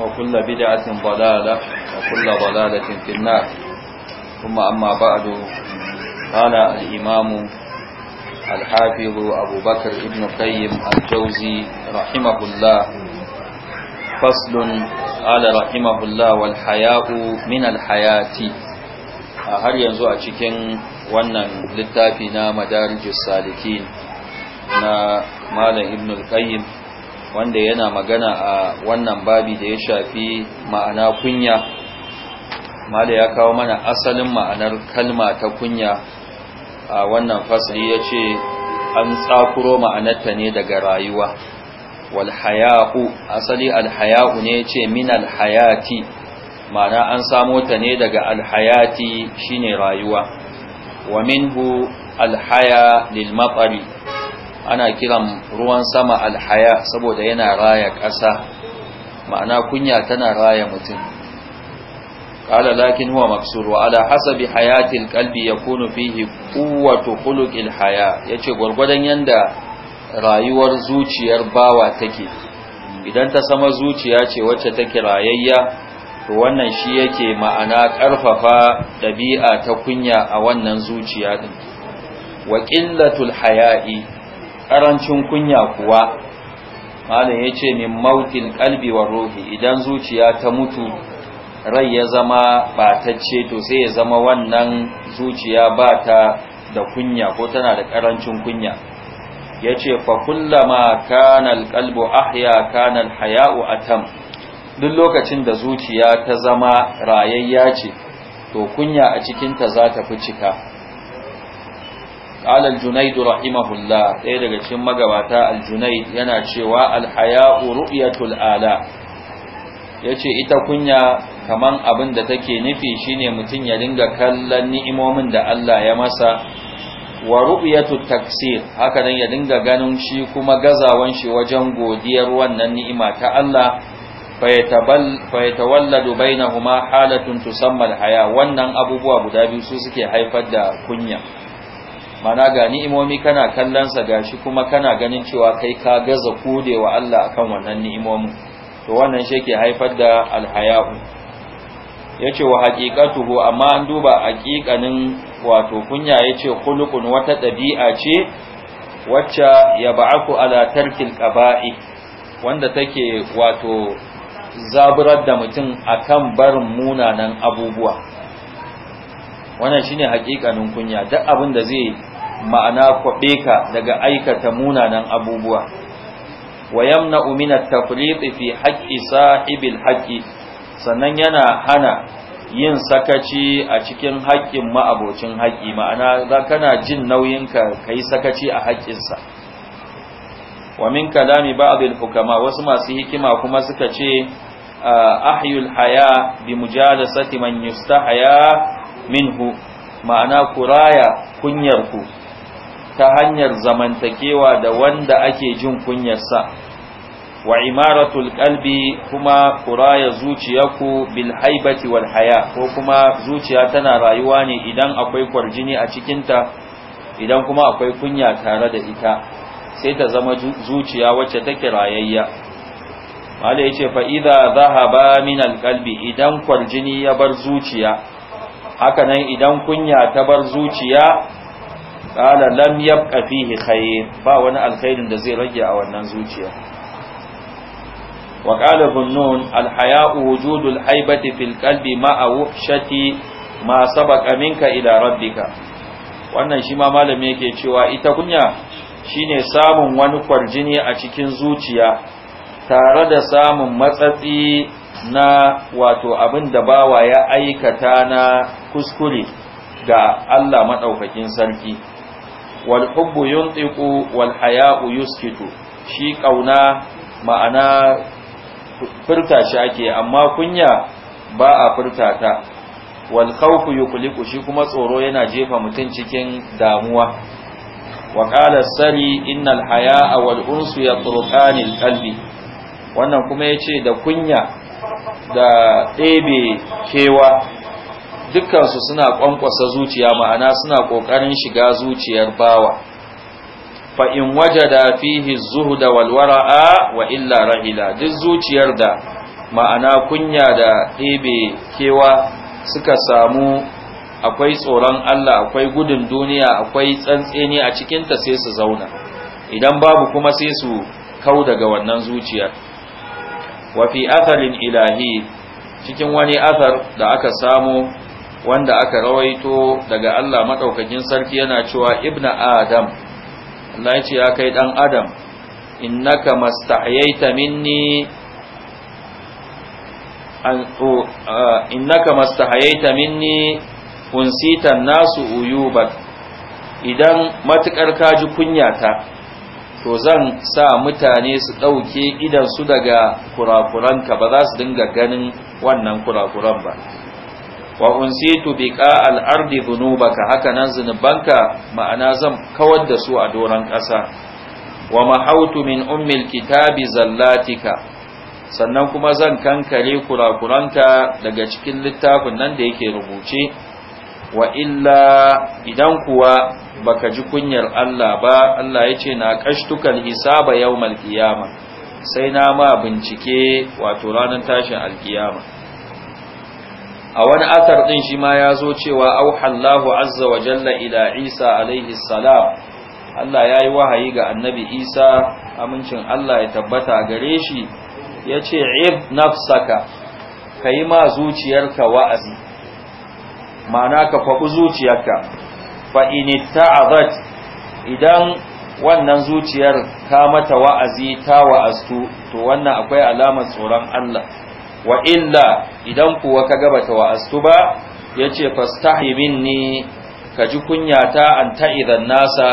وكل بدعة ضلالة وكل ضلالة في النار ثم أما بعد قال الإمام الحافظ أبو بكر ابن القيم الجوزي رحمه الله فصل قال رحمه الله والحياء من الحياة هل ينزو أتشكين وانا للتافي نام دارج السالكين na Malam Ibn al-Qayyim wanda yana magana a wannan babi da ya shafi ma'ana kunya da ya kawo mana asalin ma'anar kalma ta kunya a wannan fasali ya ce an tsakuro ma'anarta ne daga rayuwa walhaya'u asali alhaya'u ne ce min alhayati ma'ana an samo ta ne daga alhayati shine rayuwa wa minhu alhaya lil ana kiran ruwan sama alhaya saboda yana raya ƙasa ma'ana kunya tana raya mutum qala lakin huwa maksur wa ala hasabi hayatil qalbi yakunu fihi quwwatu khuluqil haya yace gurgurdan yanda rayuwar zuciyar bawa take idan ta sama zuciya ce wacce take rayayya to wannan shi yake ma'ana ƙarfafa dabi'a ta kunya a wannan zuciya din wa qillatul haya'i ƙarancin kunya kuwa malam ya ce min mautin kalbi wa ruhi idan zuciya ta mutu rai ya zama batacce to sai ya zama wannan zuciya ba ta da kunya ko tana da ƙarancin kunya ya ce fa kullama kanal alqalbu ahya haya'u a atam duk lokacin da zuciya ta zama rayayya ce to kunya a cikinta za ta fi cika قال الجنيد رحمه الله ɗaya daga cikin magabata aljunaid yana cewa alhaya'u ru'yatul ala yace ita kunya kaman abin da take nufi shine mutun ya dinga kallon ni'imomin da Allah ya masa wa ru'yatut taksir haka dan ya dinga ganin shi kuma gazawan shi wajen godiyar wannan ni'ima ta Allah fayatawalladu bainahuma halatun tusamma haya. wannan abubuwa guda biyu su suke haifar da kunya mana ga ni'imomi kana kallonsa gashi kuma kana ganin cewa kai ka gaza wa Allah akan wannan ni'imomin to wannan shi ke haifar da alhaya'u yace wa haqiqatuhu amma an duba haqiqanin wato kunya yace khuluqun wata dabi'a ce wacce ya ba'aku ala tarkil qaba'i wanda take wato zaburar da mutum akan barin munanan abubuwa wannan shine hakikanin kunya duk abin da zai ma'ana kwabe ka daga aikata munanan abubuwa wa yamna'u min at-tafliq fi haqqi sahibil haqqi sannan yana hana yin sakaci a cikin haƙƙin ma'abocin haƙƙi ma'ana za kana jin nauyin ka kai sakaci a haƙƙinsa wa min kalami ba'dil hukama wasu masu hikima kuma suka ce ah, ahyul haya bi mujalasati man yustahya minhu ma'ana kuraya raya kunyarku ta hanyar zamantakewa da wanda ake jin kunyarsa wa imaratul qalbi kuma kuraya raya zuciyarku bil haibati wal haya ko kuma zuciya tana rayuwa ne idan akwai kwarjini a cikinta idan kuma akwai kunya tare da ita sai ta zama zuciya wacce take rayayya mala yace fa idza zahaba min al qalbi idan kwarjini ya bar zuciya haka nan idan kunya ta bar zuciya ƙala lam yabqa fihi khair ba wani alkhairin da zai rage a wannan zuciya wa qala bunnun alhaya'u wujudul haibati fil qalbi ma'a wahshati ma sabaqa minka ila rabbika wannan shi ma malami yake cewa ita kunya shine samun wani kwarjini a cikin zuciya tare da samun matsatsi na wato abin da bawa ya aikata na kuskure ga Allah maɗaukakin sarki wal hubbu yuntiqu wal haya'u yuskitu shi kauna ma'ana furta shi ake amma kunya ba a furta ta wal khawfu yuqliqu shi kuma tsoro yana jefa mutun cikin damuwa wa qala sari innal haya'a wal unsu yatrukani al qalbi wannan kuma yace da kunya da ɗebe kewa dukkansu suna ƙwanƙwasa zuciya ma'ana suna ƙoƙarin shiga zuciyar bawa fa'in waje da fihi zuhu da walwara'a wa illa rahila duk zuciyar da ma'ana kunya da ɗebe kewa suka samu akwai tsoron Allah akwai gudun duniya akwai tsantseni a cikinta sai su zauna idan babu kuma sai su kau daga wannan zuciyar wa fi atharin ilahi cikin wani athar da aka samu wanda aka rawaito daga Allah maɗaukakin sarki yana cewa ibnu adam Allah ya ce ya kai dan adam innaka mastahyaita minni an innaka mastahyaita minni unsita nasu uyubat idan matukar kaji kunyata to zan sa mutane su ɗauke su daga kurakuranka ba za su dinga ganin wannan kurakuran ba wa unsitu biqa al-ardi dhunubaka hakanan zunubanka ma'ana zan kawar da su a doron ƙasa wa mahautu min ummil kitabi zallatika sannan kuma zan kankare kurakuranka daga cikin littafin nan da yake rubuce wa illa idan kuwa baka ji kunyar Allah ba Allah ya ce na kashtukan hisaba yawmal qiyama sai na ma bincike wato ranar tashin alkiyama a wani athar din shi ma ya zo cewa auhallahu azza wa jalla ila isa alaihi salam Allah ya yi wahayi ga annabi isa amincin Allah ya tabbata gare shi ya ce ib nafsaka ka yi ma zuciyarka wa'azi ma'ana ka faɓi zuciyarka fa ta'azat idan wannan zuciyar ka mata wa'azi ta wa'astu to wannan akwai alamar tsoron Allah wa illa idan kuwa ka gaba ta wa'astu ba yace fastahi minni ka ji kunya ta an ta'idan nasa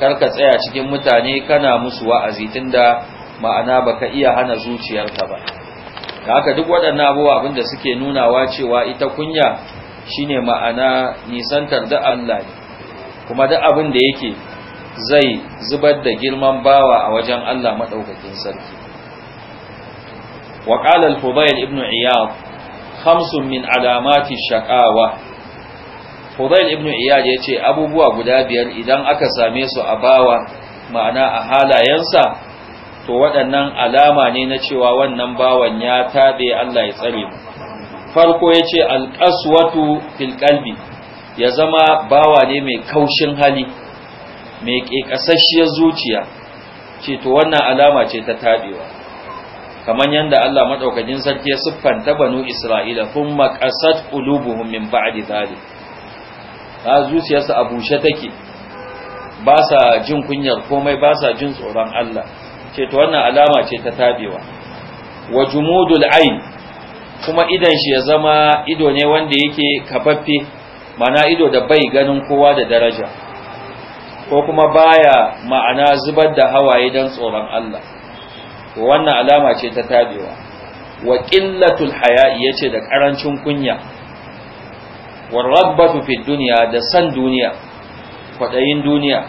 kar ka tsaya cikin mutane kana musu wa'azi tunda ma'ana baka iya hana zuciyarka ba da haka duk waɗannan abubuwa abinda suke nunawa cewa ita kunya shine ma'ana nisantar da Allah ne kuma duk abin da yake zai zubar da girman bawa a wajen Allah madaukakin sarki wa qala al-fudayl ibn iyad khamsun min alamati shaqawa fudayl ibn iyad yace abubuwa guda biyar idan aka same su a bawa ma'ana a halayensa to waɗannan alama ne na cewa wannan bawan ya tabe Allah ya tsare mu farko ya ce alƙaswatu filƙalbi ya zama bawa ne mai kaushin hali mai ƙeƙasasshiyar zuciya ce to wannan alama ce ta taɓewa kamar yadda Allah maɗaukakin sarki ya siffanta banu Isra'ila kun maƙasat ƙulubuhun min ba'adi zali ta zuciyarsa a bushe take ba sa jin kunyar komai ba sa jin tsoron Allah ce to wannan alama ce ta taɓewa wa jumudul ain kuma idan shi ya zama ido ne wanda yake kafaffe mana ido da bai ganin kowa da daraja ko kuma baya ma'ana zubar da hawaye don tsoron Allah wannan alama ce ta tabewa wa qillatul haya'i yace da karancin kunya war rabbatu fid dunya da san duniya kwadayin duniya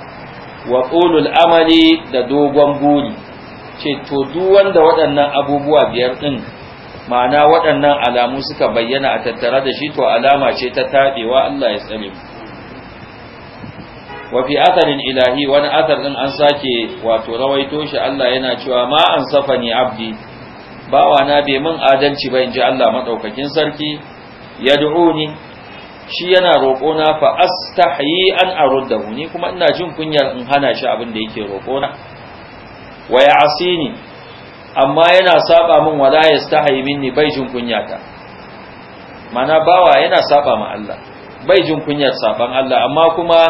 wa qulul amali da dogon buri ce to duk wanda waɗannan abubuwa biyar din ma'ana waɗannan alamu suka bayyana a tattara da shi to alama ce ta taɓewa Allah ya tsare wa fi atharin ilahi wani athar din an sake wato rawaito shi Allah yana cewa ma an safani abdi bawa na bai mun adalci ba inji Allah madaukakin sarki yad'uni shi yana roƙo na fa astahyi an aruddahu ni kuma ina jin kunyar in hana shi abin da yake roƙo na wa ya'sini amma yana saba min wala yastahi minni bai jin kunyata mana bawa yana saba ma Allah bai jin kunyar saban Allah amma kuma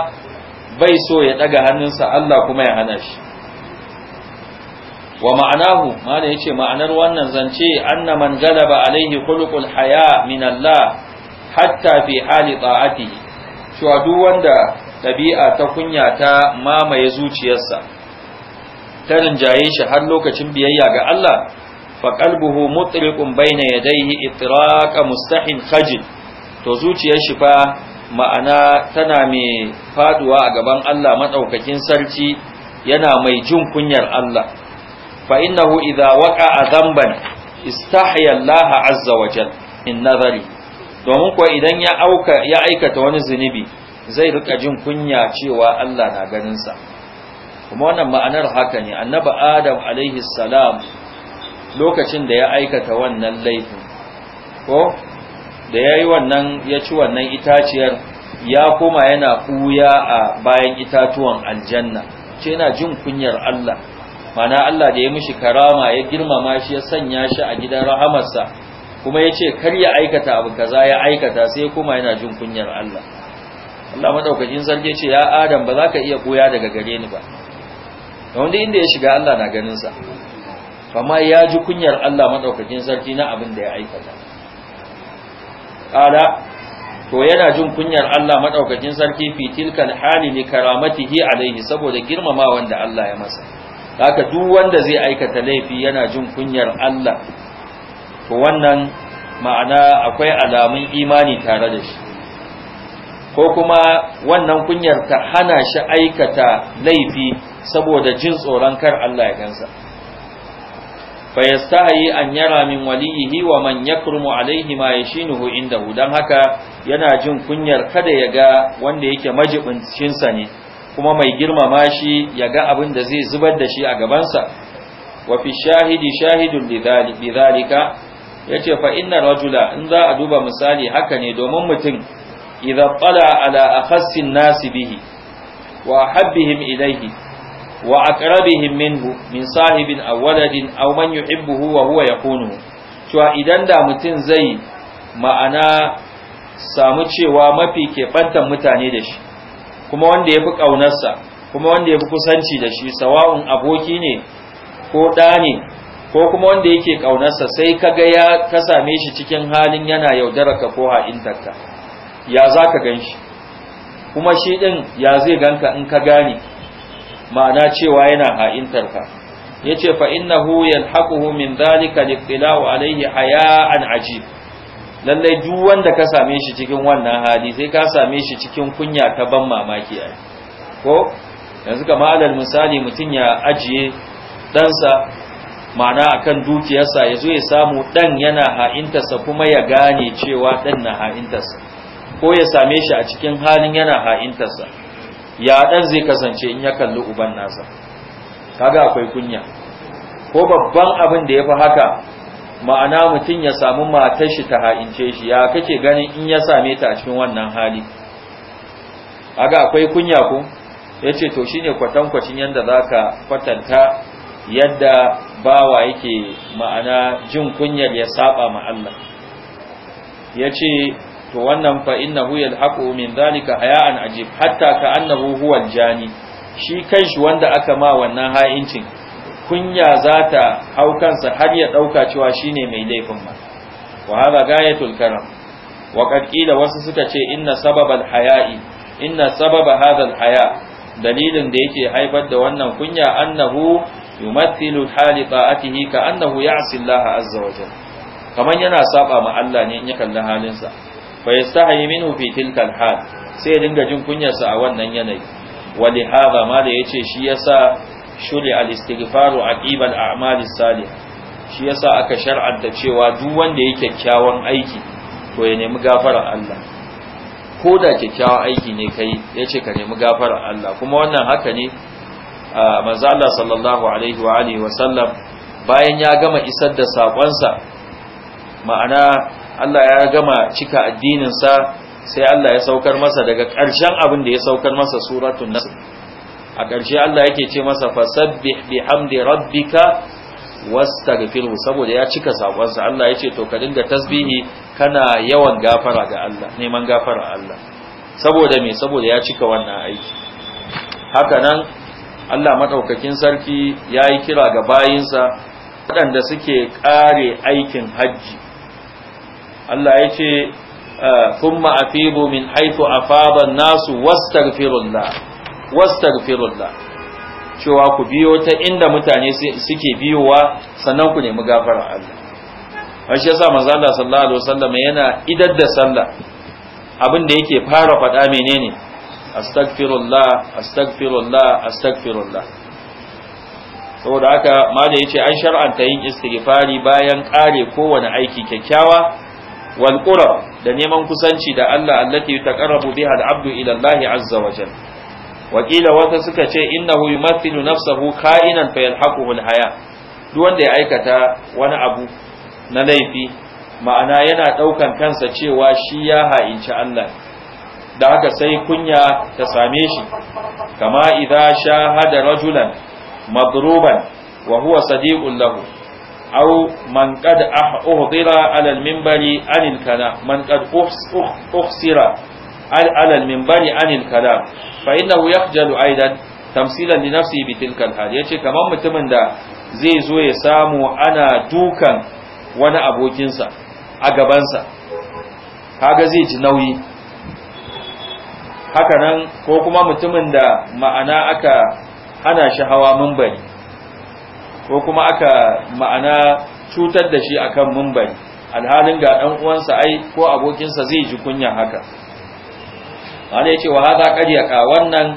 bai so ya daga hannunsa Allah kuma ya hana shi wa ma'anahu mana yace ma'anar wannan zance anna man galaba alaihi khuluqul haya min Allah hatta fi hali ta'atihi cewa duk wanda dabi'a ta kunya ta mamaye zuciyarsa ta rinjaye shi har lokacin biyayya ga Allah fa qalbuhu mutriqun bayna yadayhi itraqa mustahin khajil to zuciyar shi fa ma'ana tana mai faduwa a gaban Allah madaukakin sarki yana mai jin kunyar Allah fa innahu idza waqa'a dhanban istahya Allah azza wa jal in nazari domin kuwa idan ya auka ya aikata wani zunubi zai rika jin kunya cewa Allah na ganin sa kuma wannan ma'anar haka ne annaba adam alaihi salam lokacin da ya aikata wannan laifin ko da ya wannan ya ci wannan itaciyar ya koma yana ɓuya a bayan itatuwan aljanna ce yana jin kunyar Allah mana Allah da ya mishi karama ya girmama shi ya sanya shi a gidan rahamarsa kuma ya ce kar ya aikata abu kaza ya aikata sai ya yana jin kunyar Allah Allah madaukakin sarki ce ya Adam ba za ka iya ɓuya daga gare ni ba wanda inda ya shiga Allah na ganinsa amma ya ji kunyar Allah maɗaukakin sarki na abin da ya aikata ƙala to yana jin kunyar Allah maɗaukakin sarki fitilkan hali ne karamatihi alaihi saboda girmama wanda Allah ya masa haka duk wanda zai aikata laifi yana jin kunyar Allah to wannan ma'ana akwai alamun imani tare da shi ko kuma wannan kunyar ta hana shi aikata laifi saboda jin tsoron kar Allah ya gansa fa yastahi an yara min waliyihi wa man yakrumu alaihi ma yashinuhu indahu dan haka yana jin kunyar kada ya ga wanda yake majibincin sa ne kuma mai girmama shi ya ga abin da zai zubar da shi a gabansa wa fi shahidi shahidun lidhalika yace fa inna rajula in za a duba misali haka ne domin mutum idza tala ala akhassin nasi bihi wa habbihim ilayhi wa aqrabihim minhu min sahibin aw waladin aw man yuhibbuhu wa huwa yakunu cewa idan da mutum zai ma'ana samu cewa mafi keɓantan mutane da shi kuma wanda ya fi ƙaunarsa kuma wanda ya fi kusanci da shi sawa'un aboki ne ko ɗa ne ko kuma wanda yake ƙaunarsa sai kaga ya ka same shi cikin halin yana yaudararka ko ha'intarka ya za ka gan shi kuma shi ɗin ya zai ganka in ka gane ma'ana cewa yana ha'intarka ya ce fa'innahu haƙuhu min zalika liqtilau alaihi haya'an aji. lallai duk wanda ka same shi cikin wannan hali sai ka same shi cikin kunya ta ban mamaki yi. ko yanzu kama alal misali mutum ya ajiye ɗansa ma'ana a kan dukiyarsa ya zo ya samu ɗan yana ha'intarsa kuma ya gane cewa ɗan na ha'intarsa ko ya same shi a cikin halin yana ha'intarsa ya dan zai kasance in ya kalli uban nasa kaga akwai kunya ko babban abin da ya fi haka ma'ana mutum ya samu matar shi ta ha'ince shi ya kake ganin in ya same ta a cikin wannan hali aga akwai kunya ko yace to shine kwatankwacin za ka kwatanta yadda bawa yake ma'ana jin kunyar ya saba ma Allah yace to wannan fa hu yalhaqu min zalika haya'an ajib hatta ka annahu huwa aljani shi kanshi wanda aka ma wannan ha'incin kunya zata hau kansa har ya dauka cewa shine mai laifin ma wa hada gayatul karam wa qad wasu suka ce inna sababal haya'i inna sababa hadal haya dalilin da yake haifar da wannan kunya annahu yumathilu hali ta'atihi ka annahu ya'si Allah azza wa jalla kaman yana saba ma Allah ne in ya kalli halinsa fa yastahi minhu fi tilka alhal sai ya dinga jin kunyarsa a wannan yanayi wa li hadha ma da yace shi yasa shuri al-istighfaru aqiba al-a'mal salih shi yasa aka da cewa duk wanda yake kyakkyawan aiki to ya nemi gafarar Allah ko da kyakkyawan aiki ne kai yace ka nemi gafarar Allah kuma wannan haka ne manzo Allah sallallahu alaihi wa alihi wa sallam bayan ya gama isar da sakonsa ma'ana Allah ya gama cika addininsa sai Allah ya saukar masa daga ƙarshen abin da ya saukar masa suratun nasr a ƙarshe Allah yake ce masa fasabbih bihamdi rabbika wastaghfirhu saboda ya cika sakonsa Allah yace to ka dinga tasbihi kana yawan gafara ga Allah neman gafara Allah saboda me saboda ya cika wannan aiki haka nan Allah madaukakin sarki yayi kira ga bayinsa waɗanda suke kare aikin hajji Allah ya ce ah, thumma afidu min haifu a faban nasu wastaghfirullah cewa ku biyo ta inda mutane suke biyowa sannan ku nemi gafara Allah shi yasa manzo Allah sallallahu alaihi wasallam yana idar da sallah abin da yake fara faɗa menene astaghfirullah astaghfirullah astaghfirullah saboda haka mala yace an shar'anta yin istighfari bayan kare kowane aiki kyakkyawa Walƙuraf da neman kusanci da Allah allati taqarrabu biha al-abdu ila Allah azza wa wakila wata suka ce innahu yumathilu nafsahu ka'inan fa yalhaquhu al-haya duk wanda ya aikata wani abu na laifi ma'ana yana ɗaukan kansa cewa shi ya ha'inci Allah da haka sai kunya ta same shi kama idza shahada rajulan madruban wa huwa sadiqun lahu أو من قد أحضر على المنبر عن الكلام من قد أخسر على المنبر عن الكلام فإنه يخجل أيضا تمثيلا لنفسه بتلك الحال يعني كما mutumin da zai zo ya samu ana dukan wani abokinsa a gabansa kaga zai ji nauyi ko kuma mutumin da ma'ana aka hana shi hawa bari ko kuma aka ma'ana cutar da shi akan mumbari alhalin ga dan uwansa ai ko abokinsa zai ji kunya haka wanda yace wa hada ka wannan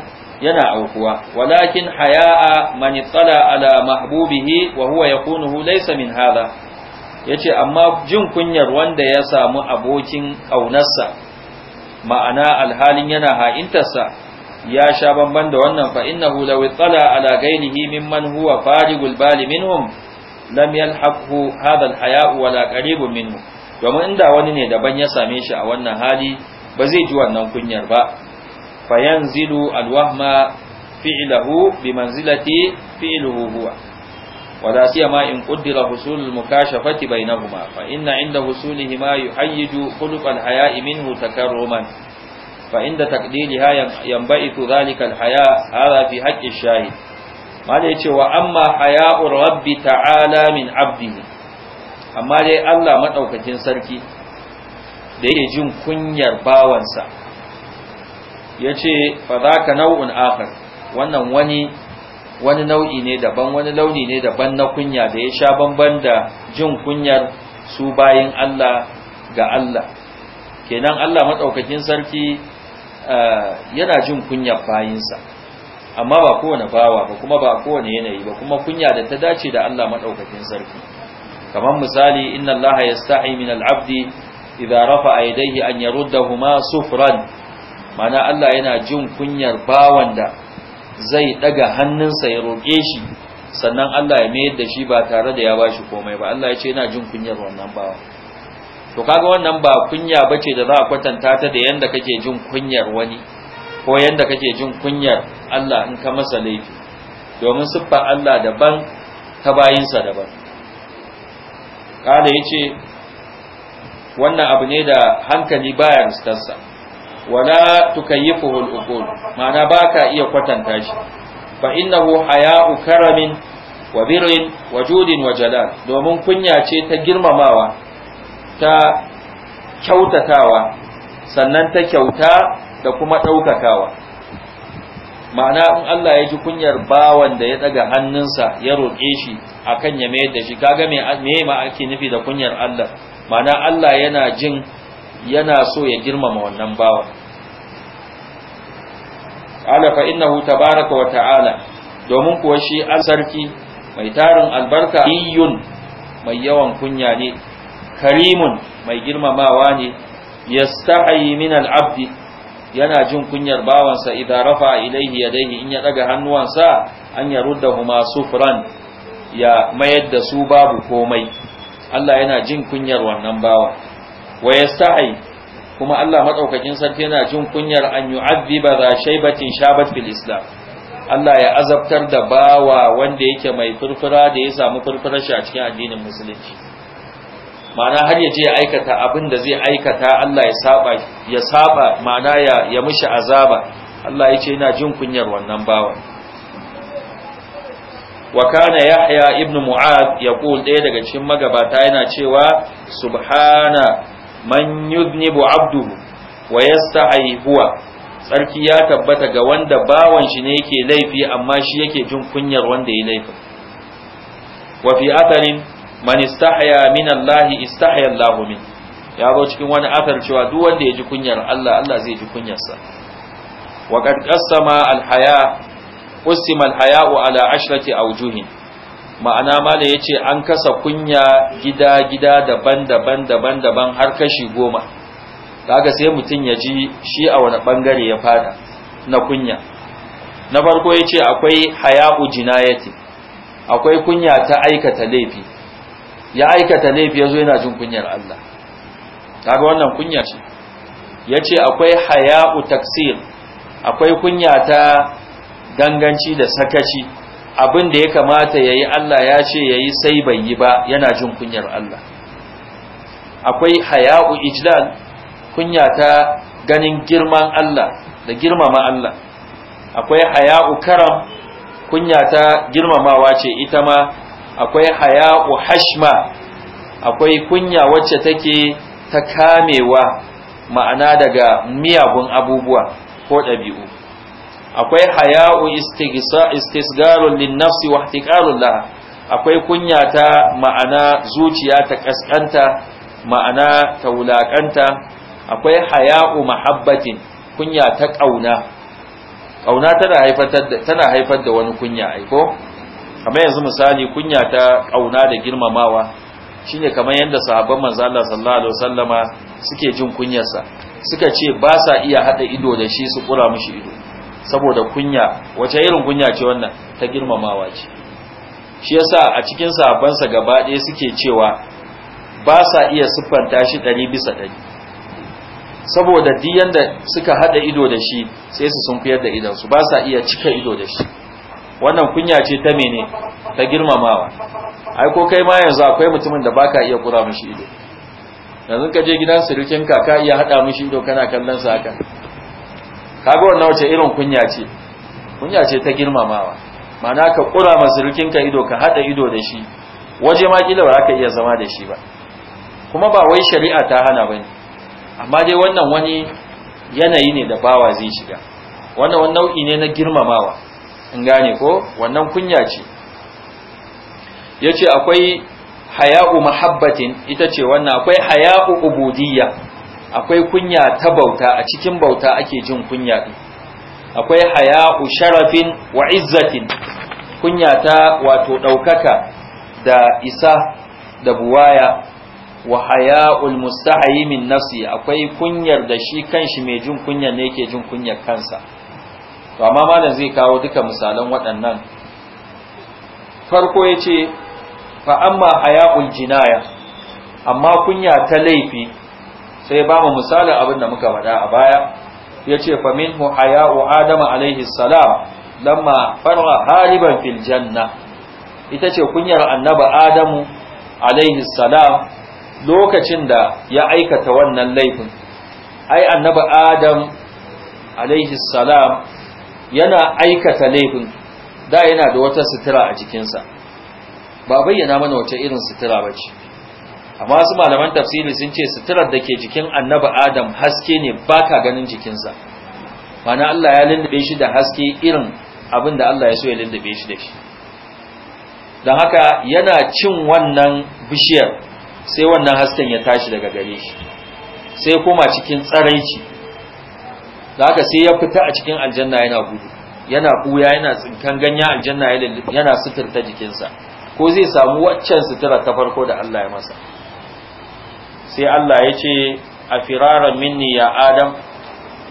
yana aukuwa walakin haya'a man tsala ala mahbubihi wa huwa yakunuhu laysa min hada yace amma jin kunyar wanda ya samu abokin kaunarsa ma'ana alhalin yana ha'intarsa ya sha bamban da wannan fa innahu law tsala ala ghayrihi mimman huwa farigul bali minhum lam yalhaqhu hadha alhaya'u wala qaribun minhu domin inda wani ne daban ya same shi a wannan hali ba zai ji wannan kunyar ba fa yanzilu alwahma fi'luhu bi manzilati fi'luhu huwa wala siyama in quddira husul mukashafati bainahuma fa inna inda husulihima yuhayyu khuluq alhaya'i minhu takarruman fa inda taqdiliha yanbaitu zalikal haya hadha fi haqqi ash-shahid mala yace wa amma haya rabbi ta'ala min 'abdihi amma dai Allah madaukakin sarki da yake jin kunyar bawansa yace fa ka nau'un akhar wannan wani wani nau'i ne daban wani launi ne daban na kunya da ya sha bamban da jin kunyar su bayin Allah ga Allah kenan Allah madaukakin sarki Eh, yana jin kunyar bayinsa amma ba kowane bawa ba kuma ba kowane yanayi ba kuma kunya da ta dace da Allah madaukakin sarki kamar misali inna Allah yastahi min al-abdi idza rafa yadayhi an yaruddahuma sufran mana Allah yana jin kunyar bawan da zai daga hannunsa ya roke shi sannan Allah ya mayar da shi ba tare da ya bashi komai ba Allah ya ce yana jin kunyar wannan bawa to kaga wannan ba kunya bace da za a kwatanta ta da yanda kake jin kunyar wani ko yanda kake jin kunyar Allah in ka masa laifi domin siffa Allah daban ta bayinsa daban kada yace wannan abu ne da hankali baya ristarsa wala tukayyifuhu al-uqul ma'ana baka iya kwatanta shi fa innahu haya'u karamin wa birrin wa judin wa jalal domin kunya ce ta girmamawa ta kyautatawa sannan ta kyauta da kuma ɗaukakawa ma'ana in Allah ya ji kunyar bawan da ya ɗaga hannunsa ya roƙe shi akan ya mayar da shi kaga me ma ake nufi da kunyar Allah ma'ana Allah yana jin yana so ya girmama wannan bawan ala fa innahu tabaraka wa ta'ala domin kuwa shi sarki mai tarin albarka iyun mai yawan kunya ne karimun mai girmamawa ne Ya min al-abdi yana jin kunyar bawansa idan rafa ilaihi yadaihi in ya daga hannuwansa an ya rudda huma sufran ya mayar da su babu komai Allah yana jin kunyar wannan bawa wa yasta'i kuma Allah madaukakin sarki yana jin kunyar an yu'adhiba za shaybatin shabat fil islam Allah ya azabtar da bawa wanda yake mai furfura da ya samu furfurar shi a cikin addinin musulunci ma'ana har ya je ya aikata abin da zai aikata Allah ya saba ya saba ma'ana ya ya mishi azaba Allah ya ce ina jin kunyar wannan bawa. wa kana yahya ibn mu'ad yaqul ɗaya daga cikin magabata yana cewa subhana man yudnibu abduhu wa yastahi huwa tsarki ya tabbata ga wanda bawan shi ne yake laifi amma shi yake jin kunyar wanda ya laifin wa fi atarin man istahya min Allah istahya Allah min ya zo cikin wani athar cewa duk wanda ya ji kunyar Allah Allah zai ji kunyarsa wa qad qassama al-haya qusima al-haya'u ala ashrati awjuhin ma'ana mala yace an kasa kunya gida gida daban-daban daban-daban har kashi goma kaga sai mutun ya ji shi a wani bangare ya fada na kunya na farko yace akwai haya'u jinayati akwai kunya ta aikata laifi ya aikata laifi ya zo yana jin kunyar Allah kaga wannan kunya ce ya ce akwai haya'u taksir akwai kunya ta ganganci da sakaci abin da ya kamata ya yi Allah ya ce ya yi sai bai yi ba yana jin kunyar Allah akwai haya'u ijlal kunya ta ganin girman Allah da girmama Allah akwai haya'u karam kunya ta girmamawa ce ita ma akwai haya'u hashma akwai kunya wacce take ta kamewa ma'ana daga miyagun abubuwa ko ɗabi'u akwai haya'u istisgarun linnafsi wa ihtiqarun la akwai kunya ta ma'ana zuciya ta kaskanta ma'ana ta wulaƙanta. akwai haya'u mahabbatin kunya ta kauna kauna tana haifar da wani kunya aiko kamar yanzu misali kunya ta kauna da girmamawa shine kamar yanda sahabban manzo Allah sallallahu alaihi wasallama suke jin kunyarsa suka ce ba sa iya hada ido da shi su kura mishi ido saboda kunya wace irin kunya ce wannan ta girmamawa ce shi yasa a cikin sa gaba ɗaya suke cewa ba sa iya siffanta shi ɗari bisa ɗari saboda duk yanda suka haɗa ido da shi sai su sun fiyar da idansu ba sa iya cika ido da shi wannan kunya ce ta mene ta girmamawa ai ko kai ma yanzu akwai mutumin da baka iya kura mishi ido yanzu ka je gidan sirikin ka ka iya hada mishi ido kana kallon sa haka kaga wannan wace irin kunya ce kunya ce ta girmamawa ma'ana ka kura ma sirikin ka ido ka hada ido da shi waje ma kila ba ka iya zama da shi ba kuma ba wai shari'a ta hana bane amma dai wannan wani yanayi ne da bawa zai shiga wannan wani nau'i ne na girmamawa in gane ko wannan kunya ce yace akwai haya'u mahabbatin ita ce wannan akwai haya'u ubudiyya akwai kunya ta bauta a cikin bauta ake jin kunya din akwai haya'u sharafin wa izzatin kunya ta wato ɗaukaka da isa da buwaya wa haya'ul mustahayimin nafsi akwai kunyar da shi kanshi mai jin kunya ne yake jin kunyar kansa to amma malam zai kawo duka misalan waɗannan farko ya ce fa amma haya'ul jinaya amma kunya ta laifi sai ba mu misalin abin da muka faɗa a baya ya ce fa minhu haya'u adama alaihi salam lamma farra hariban fil janna ita ce kunyar annaba adamu alaihi salam lokacin da ya aikata wannan laifin ai annaba adam alaihi salam yana aikata laifin da yana da wata sutura a jikinsa ba bayyana mana wace irin sutura ba ce amma su malaman tafsiri sun ce suturar da ke jikin annabi adam haske ne ba ka ganin jikinsa mana Allah ya lullube shi da haske irin abin da Allah ya so ya lindube shi da shi don haka yana cin wannan bishiyar sai wannan hasken ya tashi daga gare shi sai kuma cikin tsaraici da haka sai ya fita a cikin aljanna yana gudu yana buya yana tsinkan ganyen aljanna yana suturta jikinsa ko zai samu waccan sutura ta farko da Allah ya masa sai Allah ya ce a firaran minni ya adam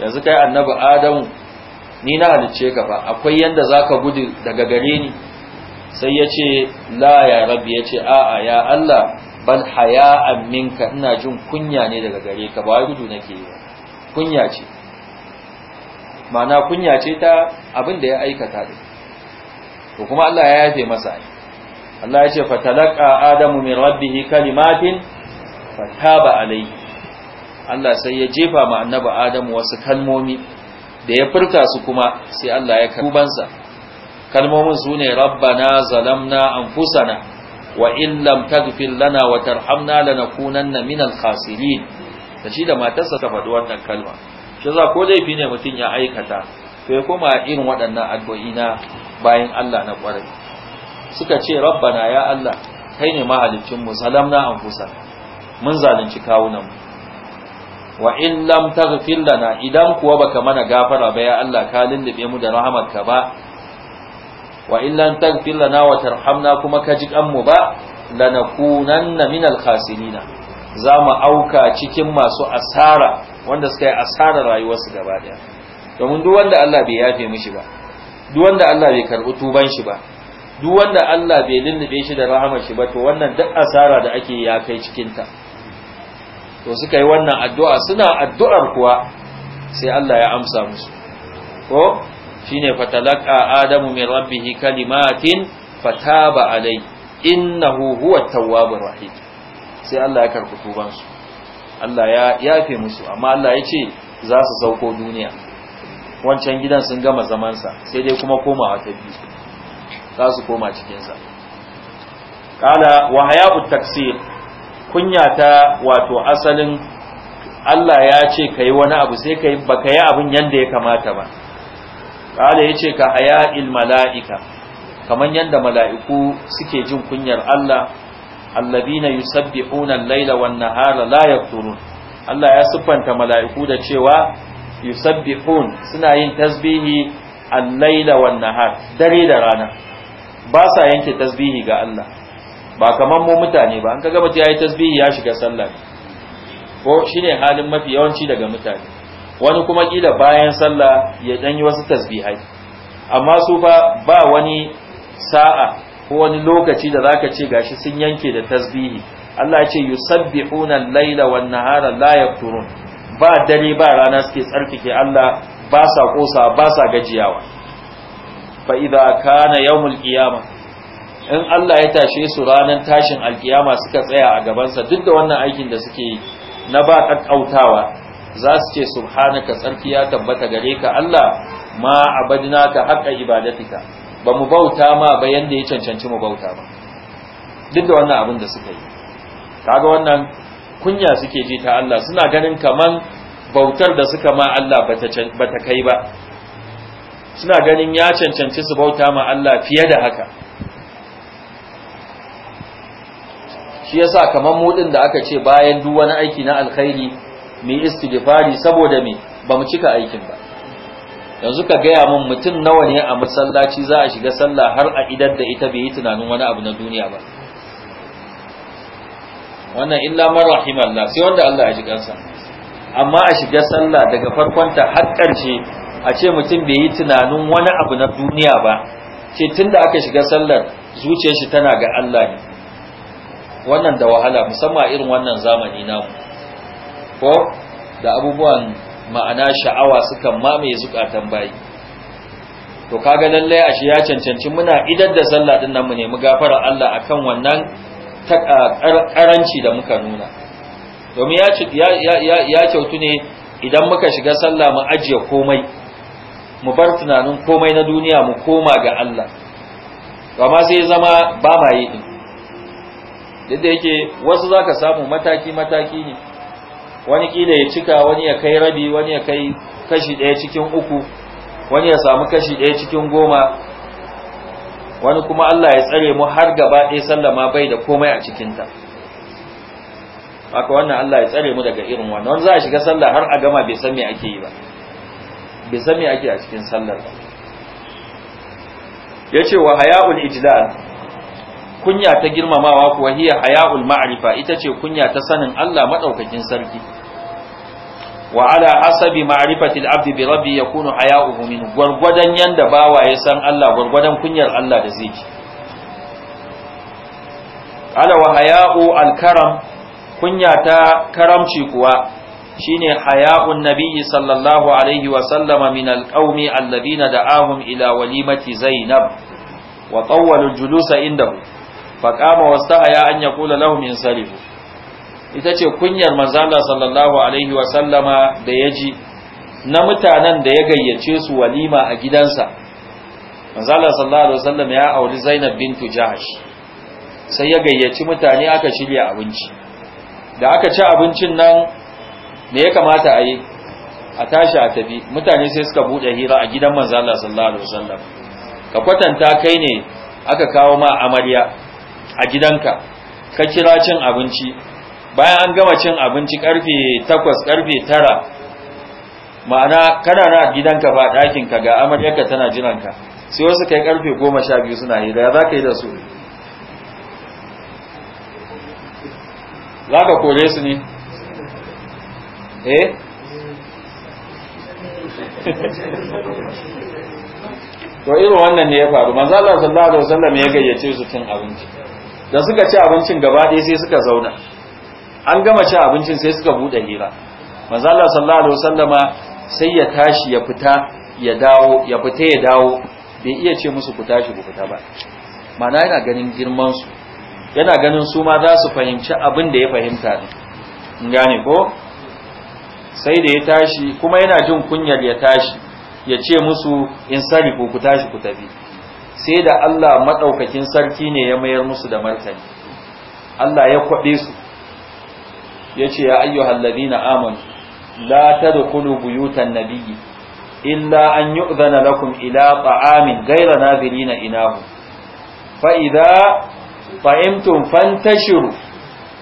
yanzu kai annabi adamu ni na halice ka ba akwai yanda zaka gudu daga gare ni sai ya ce la ya rabbi ya ce a'a ya Allah bal haya'an minka ina jin kunya ne daga gare ka ba gudu nake yi ba kunya ce ma'ana kunya ce ta abin da ya aikata din to kuma Allah ya yafe masa Allah ya ce fatalaqa adamu min rabbih kalimatin fataba alayhi Allah sai ya jefa ma annabi adamu wasu kalmomi da ya furta su kuma sai Allah ya karbansa kalmomin su ne rabbana zalamna anfusana wa in lam taghfir lana wa tarhamna lanakunanna minal khasirin da shi da matarsa ta faɗi wannan kalma shi za ko laifi ne mutum ya aikata to ya koma irin waɗannan addu'o'i na bayan Allah na ƙwarai suka ce rabbana ya Allah kai ne mahalicin mu zalamna anfusa mun zalunci kawunan mu wa in lam taghfir lana idan kuwa baka mana gafara ba ya Allah ka lullube mu da rahamarka ba wa in lam taghfir lana wa tarhamna kuma ka ji kan mu ba lanakunanna minal khasirina za mu auka cikin masu asara wanda suka yi asarar rayuwarsu gaba daya domin duk wanda Allah bai yafe mishi ba duk wanda Allah bai karbi tuban shi ba duk wanda Allah bai lullube shi da rahamar shi ba to wannan duk asara da ake ya kai cikin ta to suka yi wannan addu'a suna addu'ar kuwa sai Allah ya amsa musu ko shine fatalaqa adamu min rabbih kalimatin fataba alai innahu huwa tawwabur rahim sai Allah ya karbi tubansu. Allah ya yafe musu amma Allah ya ce za su sauko duniya wancan gidan sun gama zamansa sai dai kuma komawa ta biyu za su koma cikinsa kala wa haya'ut taksir kunya ta wato asalin Allah ya ce kai wani abu sai kai baka yi abun yadda ya kamata ba ya ce ka haya'il mala'ika Kamar yadda mala'iku suke jin kunyar Allah alladhina yusabbihuna al-laila wan-nahara la Allah ya siffanta mala'iku da cewa yusabbihun suna yin tasbihi al-laila wan-nahar dare da rana ba sa yanke tasbihi ga Allah ba kamar mu mutane ba an kaga mutum yi tasbihi ya shiga sallah ko shine halin mafi yawanci daga mutane wani kuma kila bayan sallah ya danyi wasu tasbihai amma su ba ba wani sa'a ko wani lokaci da zaka ce gashi sun yanke da tasbihi Allah ya ce yusabbihuna al-laila wan nahara la yafturun ba dare ba rana suke tsarkake Allah ba sa kosa ba sa gajiyawa fa idza kana yawmul in Allah ya tashe su ranar tashin alkiyama suka tsaya a gabansa duk da wannan aikin da suke yi na ba kakkautawa za su ce subhanaka tsarki ya tabbata gare ka Allah ma abadnaka haqqa ibadatika ba mu bauta ma ba yanda ya cancanci mu bauta ba duk da wannan abin da suka yi kaga wannan kunya suke ji ta Allah suna ganin kaman bautar da suka ma Allah bata kai ba suna ganin ya cancanci su bauta ma Allah fiye da haka shi yasa kaman mudin da aka ce bayan duk wani aiki na alkhairi mai istighfari saboda me bamu cika aikin ba yanzu ka gaya mun mutum nawa ne a masallaci za a shiga sallah har a idan da ita bai yi tunanin wani abu na duniya ba wannan illa mar rahimallah sai wanda Allah ya ji kansa amma a shiga sallah daga farkon ta har karshe a ce mutum bai yi tunanin wani abu na duniya ba ce tunda aka shiga sallar zuciyar shi tana ga Allah ne wannan da wahala musamman irin wannan zamani namu ko da abubuwan ma'ana sha'awa sukan mamaye zukatan bayi to kaga lallai ashe ya cancanci muna idar da sallah din nan mu ne mu gafara Allah akan wannan karanci da muka nuna domin ya kyautu ne idan muka shiga sallah mu ajiye komai mu bar tunanin komai na duniya mu koma ga Allah amma sai zama ba ma yi din Dada yake wasu zaka samu mataki mataki ne wani kila ya cika wani ya kai rabi wani ya kai kashi ɗaya cikin uku wani ya samu kashi ɗaya cikin goma wani kuma Allah ya tsare mu har gaba ɗaya sallama bai da komai a cikinta haka wannan Allah ya tsare mu daga irin wannan wani za a shiga sallah har a gama bai san me ake yi ba bai san me ake a cikin sallar ba yace wa haya'ul ijlal kunya ta girmamawa kuwa hiya haya'ul ma'rifa ita ce kunya ta sanin Allah madaukakin sarki wa ala hasabi ma'rifatil abdi bi rabbi yakunu haya'uhu min gurgudan yanda bawa ya san Allah gurgudan kunyar Allah da zai ji ala wa haya'u al-karam kunya ta karamci kuwa shine haya'un nabiyyi sallallahu alaihi wa sallama min alqaumi alladhina da'ahum ila walimati zainab wa tawwalu julusa indahu faqama wasta'aya an yaqula lahum insarifu ita ce kunyar manzala sallallahu alaihi wa sallama da yaji na mutanen da ya gayyace su walima a gidansa manzala sallallahu alaihi wa sallam ya auri Zainab bintu Jahash sai ya gayyaci mutane aka shirya abinci da aka ci abincin nan me ya kamata a yi a tashi a tafi mutane sai suka bude hira a gidan manzala sallallahu alaihi wa sallam ka kwatanta kai ne aka kawo ma amarya a gidanka ka kira cin abinci bayan an gama cin abinci karfe takwas karfe tara ma'ana kana na gidanka ba ɗakinka ga amaryarka tana jiranka sai wasu kai karfe goma sha biyu suna yi da za ka yi da su za ka kore su ne eh to irin wannan ne ya faru manzo Allah sallallahu alaihi wasallam ya gayyace su cin abinci da suka ci abincin gaba ɗaya sai suka zauna an gama ci abincin sai suka bude hira manzo Allah sallallahu alaihi wasallama sai ya tashi ya fita ya dawo ya fita ya dawo bai iya ce musu ku tashi ku fita ba mana yana ganin girman su yana ganin su ma za su fahimci abin da ya fahimta ne in gane ko sai da ya tashi kuma yana jin kunyar ya tashi ya ce musu in sari ku tashi ku tafi sai da Allah maɗaukakin sarki ne ya mayar musu da martani Allah ya kwaɗe su ya ce ya ayyu hallabi na amon la ta da kulu buyutan nabiyi illa an yi zana lakum ila ta'amin gaira naziri na inahu fa'iza fahimtun fantashiru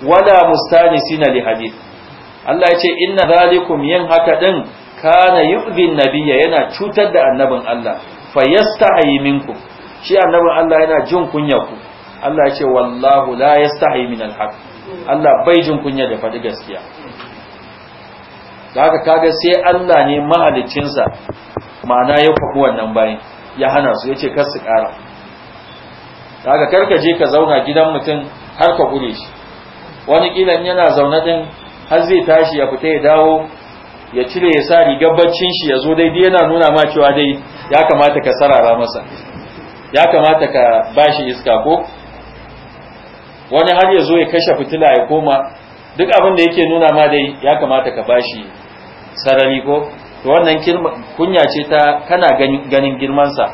wala mustanisi na lihadith Allah ya ce inna zalikum yin haka ɗin kana yu'dhi nabiyya yana cutar da annabin Allah fayastahi minku shi annabin Allah yana jin kunya ku Allah ya ce wallahu la yastahi min alhaq Allah bai jin kunya da faɗi gaskiya daga kaga sai Allah ne sa ma'ana ya faɗi wannan bayin ya hana su yace ce kar su ƙara da karka je ka zauna gidan mutum har ka kure shi wani ƙilan yana zaune ɗin har zai tashi ya fita ya dawo ya cire ya sa rigar baccin shi ya zo daidai yana nuna ma cewa dai ya kamata ka sarara masa ya kamata ka bashi iska ko wani har ya zo ya kashe fitila ya koma duk abin da yake nuna ma dai ya kamata ka bashi sarari ko to wannan kunya ce ta kana ganin girmansa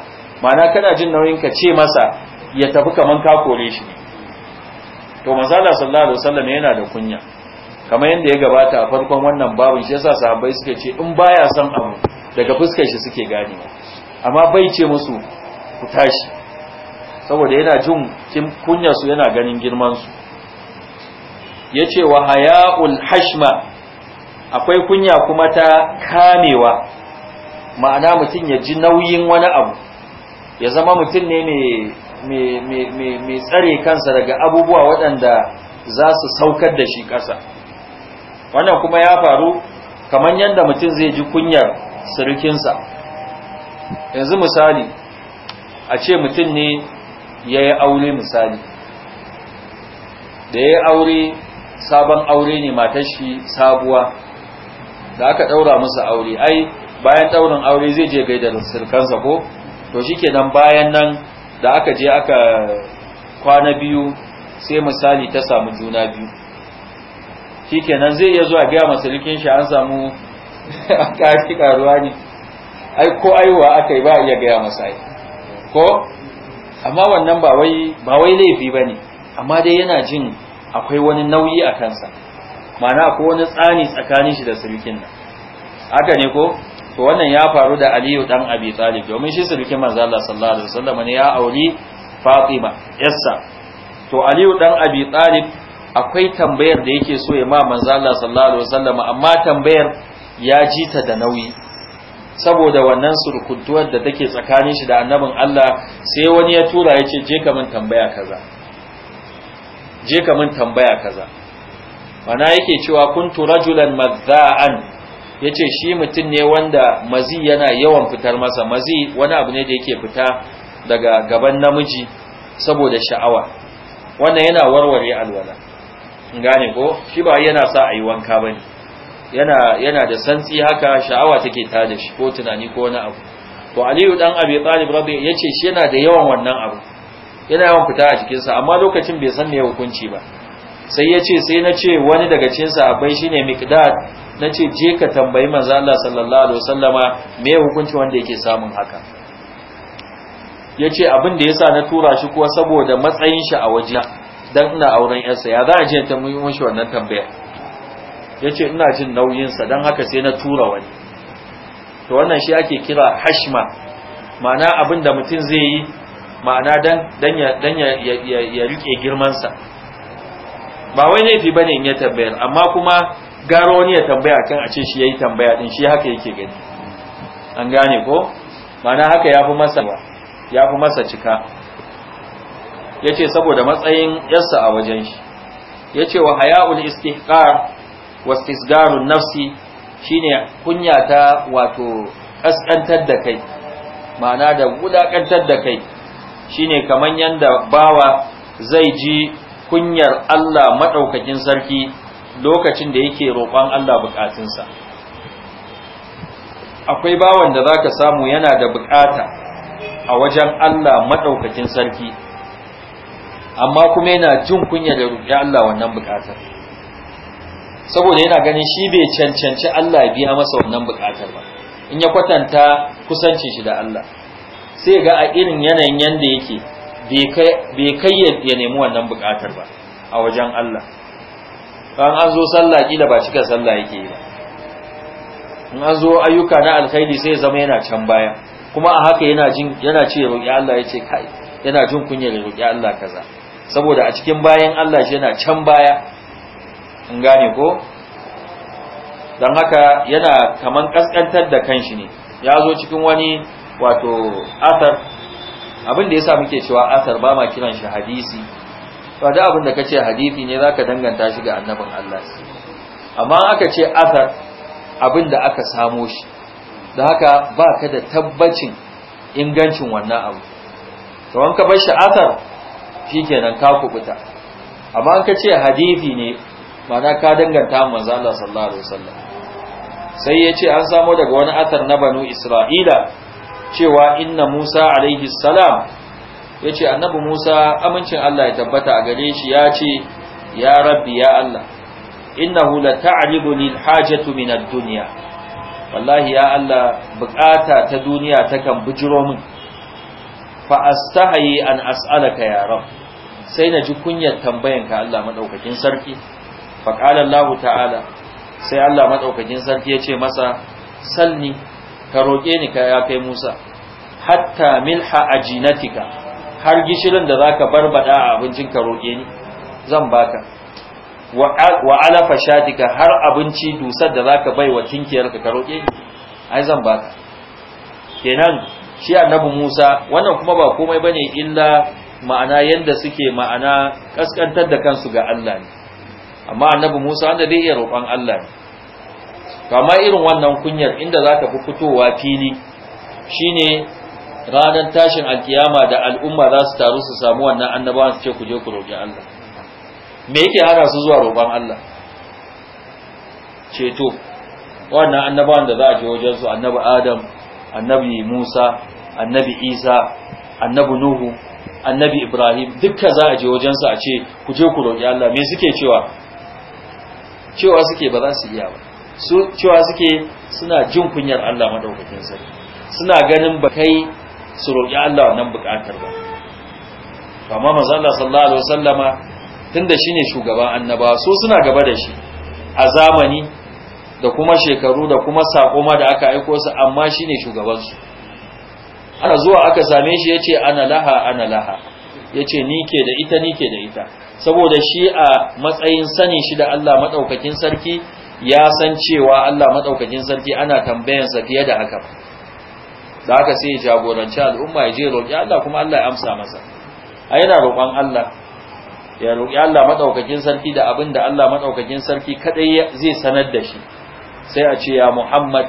ma'ana kana jin nauyin ka ce masa ya tafi kaman ka kore shi to manzala sallallahu alaihi wasallam yana da kunya kamar yadda ya gabata a farkon wannan babin shi yasa sahabbai suke ce in baya son abu daga fuskar shi suke gane amma bai ce musu ku tashi saboda yana jin kunyar su yana ganin girman su yace wa haya'ul hashma akwai kunya kuma ta kamewa ma'ana mutum ya ji nauyin wani abu ya zama mutum ne mai tsare kansa daga abubuwa waɗanda za su saukar da shi ƙasa wannan kuma ya faru kamar yadda mutum zai ji kunyar surukinsa yanzu misali a ce mutum ne ya yi aure misali da ya yi aure sabon aure ne matashi sabuwa da aka ɗaura musu aure ai bayan ɗaurin aure zai je gaida da surukansa ko to shi nan bayan nan da aka je aka kwana biyu sai misali ta samu juna biyu kenan zai iya zuwa gaya masalikin shi an samu ƙari karuwa ne ai ko aiwa aka ba iya gaya masa ko amma wannan ba wai ba wai laifi bane amma dai yana jin akwai wani nauyi a kansa ma'ana akwai wani tsani tsakanin shi da sulkin nan haka ne ko to wannan ya faru da Aliyu dan Abi Talib domin shi sulkin manzo Allah sallallahu alaihi wasallam ne ya auri Fatima yassa to Aliyu dan Abi Talib akwai tambayar da yake so ya ma manzo Allah sallallahu alaihi wasallam amma tambayar ya ji ta da nauyi saboda wannan surkuntuwar da take tsakanin shi da annabin Allah sai wani ya tura ya ce je ka min tambaya kaza je ka min tambaya kaza mana yake cewa kuntu rajulan madza'an yace shi mutum ne wanda mazi yana yawan fitar masa mazi wani abu ne da yake fita daga gaban namiji saboda sha'awa wannan yana warware alwala gane ko shi ba yana sa a yi wanka ba ne yana da santsi haka sha'awa take ta da shi ko tunani ko wani abu to aliyu dan abi talib rabbi ya ce shi yana da yawan wannan abu yana yawan fita a jikinsa amma lokacin bai san me hukunci ba sai ya ce sai na ce wani daga cikin shi shine miqdad na ce je ka tambayi manzo Allah sallallahu alaihi wasallama me hukunci wanda yake samun haka yace abin da yasa na tura shi kuwa saboda matsayin shi a wajena dan ina auren yarsa ya za a je ta mun mushi wannan tambaya yace ina jin nauyin sa dan haka sai na tura wani to wannan shi ake kira hashma ma'ana abin da mutum zai yi ma'ana dan dan ya dan ya rike girman ba wai laifi bane in ya tambayar amma kuma garo wani ya tambaya kan a ce shi yayi tambaya din shi haka yake gani an gane ko ma'ana haka yafi masa yafi masa cika yace saboda matsayin yarsa a wajen shi yace wa haya'ul istihqar wa istisgarun nafsi shine kunya ta wato kaskantar da kai ma'ana da wulakantar da kai shine kamar yadda bawa zai ji kunyar Allah maɗaukakin sarki lokacin da yake roƙon Allah bukatunsa akwai bawan da za ka samu yana da bukata a wajen Allah madaukakin sarki amma kuma yana jin kunya da roƙi Allah wannan buƙatar saboda yana ganin shi bai cancanci Allah ya biya masa wannan buƙatar ba in ya kwatanta kusancin shi da Allah sai ga a irin yanayin yanda yake bai kai ya nemi wannan buƙatar ba a wajen Allah kan an zo sallah kila ba cika sallah yake yi ba in an zo ayyuka na alkhairi sai zama yana can baya kuma a haka yana jin yana ce roƙi Allah ya ce kai yana jin kunya da roƙi Allah kaza saboda a cikin bayan Allah shi yana can baya in gane ko don haka yana kaman kaskantar da kanshi ne ya zo cikin wani wato athar abin da yasa muke cewa athar ba ma kiran shi hadisi to da abin da kace hadisi ne zaka danganta shi ga annabin Allah amma aka ce athar abin da aka samo shi da haka ba ka da tabbacin ingancin wannan abu to an ka bar shi athar shi kenan ka kubuta amma an ka ce hadisi ne mana ka danganta manzo Allah sallallahu alaihi wasallam sai ya ce an samo daga wani athar na banu isra'ila cewa inna musa alaihi salam ya ce annabi musa amincin Allah ya tabbata a gare shi ya ce ya rabbi ya Allah innahu la ta'ribu lil hajatu min ad-dunya wallahi ya Allah bukata ta duniya takan bujiro min fa astahayi an as'alaka ya sai na ji kunyar tambayanka Allah madaukakin sarki fa qala ta'ala sai Allah madaukakin sarki ya ce masa salni ka roke ni ka ya kai Musa hatta milha ajinatika har gishirin da zaka barbada a abincin ka roke ni zan baka wa ala fashatika har abinci dusar da zaka bai wa tinkiyarka ka roke ni ai zan baka kenan shi annabi Musa wannan kuma ba komai bane illa ma'ana yanda suke ma'ana kaskantar da kansu ga Allah ne amma annabi Musa wanda dai iya roƙon Allah ne kama irin wannan kunyar inda zaka fi fitowa fili shine ranar tashin alkiyama da al'umma za su taru su samu wannan annabawan su ce ku je ku roƙi Allah me yake hana su zuwa roƙon Allah ceto wannan annabawan da za a je wajen su annabi Adam annabi musa annabi isa annabi nuhu annabi ibrahim dukka za a je wajensu a ce ku je ku roƙi allah me suke cewa cewa suke ba za su iya ba su cewa suke suna jin kunyar allah madaukakin sarki suna ganin ba kai su roƙi allah nan buƙatar ba amma manzo allah sallallahu alaihi wasallama tunda shine shugaban annaba so suna gaba da shi a zamani da kuma shekaru da kuma sako ma da aka aiko su amma shine shugaban su ana zuwa aka same shi yace ana laha ana laha yace ni ke da ita ni ke da ita saboda shi a matsayin sani shi da Allah madaukakin sarki ya san cewa Allah madaukakin sarki ana tambayan sa fiye da haka da haka sai jagoranci al'umma ya je roƙi Allah kuma Allah ya amsa masa a yana roƙon Allah ya roƙi Allah madaukakin sarki da abinda da Allah madaukakin sarki kadai zai sanar da shi sai a ce ya muhammad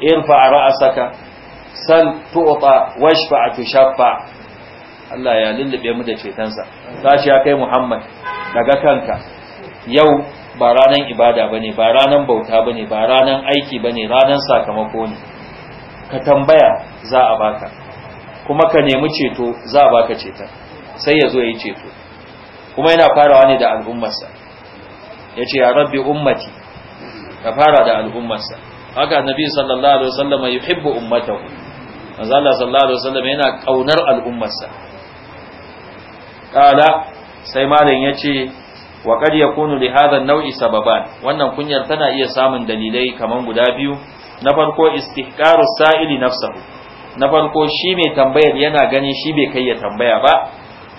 irfa ra'asaka sal tu'ta washfa tushaffa Allah ya lullube mu da cetonsa tashi ya kai muhammad daga kanka yau ba ranar ibada bane ba ranan bauta bane ba ranan aiki bane ranan sakamako ne ka tambaya za a baka kuma ka nemi ceto za a baka ceton sai ya zo ya yi ceto kuma yana farawa ne da al'ummarsa ya ce ya rabbi ummati ka fara da al'ummarsa haka nabi sallallahu alaihi wasallam yuhibbu ummatahu manzo Allah sallallahu alaihi wasallam yana kaunar al'ummarsa kala sai malam yace wa qad yakunu li hadha an-naw'i sababan wannan kunyar tana iya samun dalilai kaman guda biyu na farko istihqaru sa'ili nafsahu na farko shi mai tambayar yana ganin shi bai kai ya tambaya ba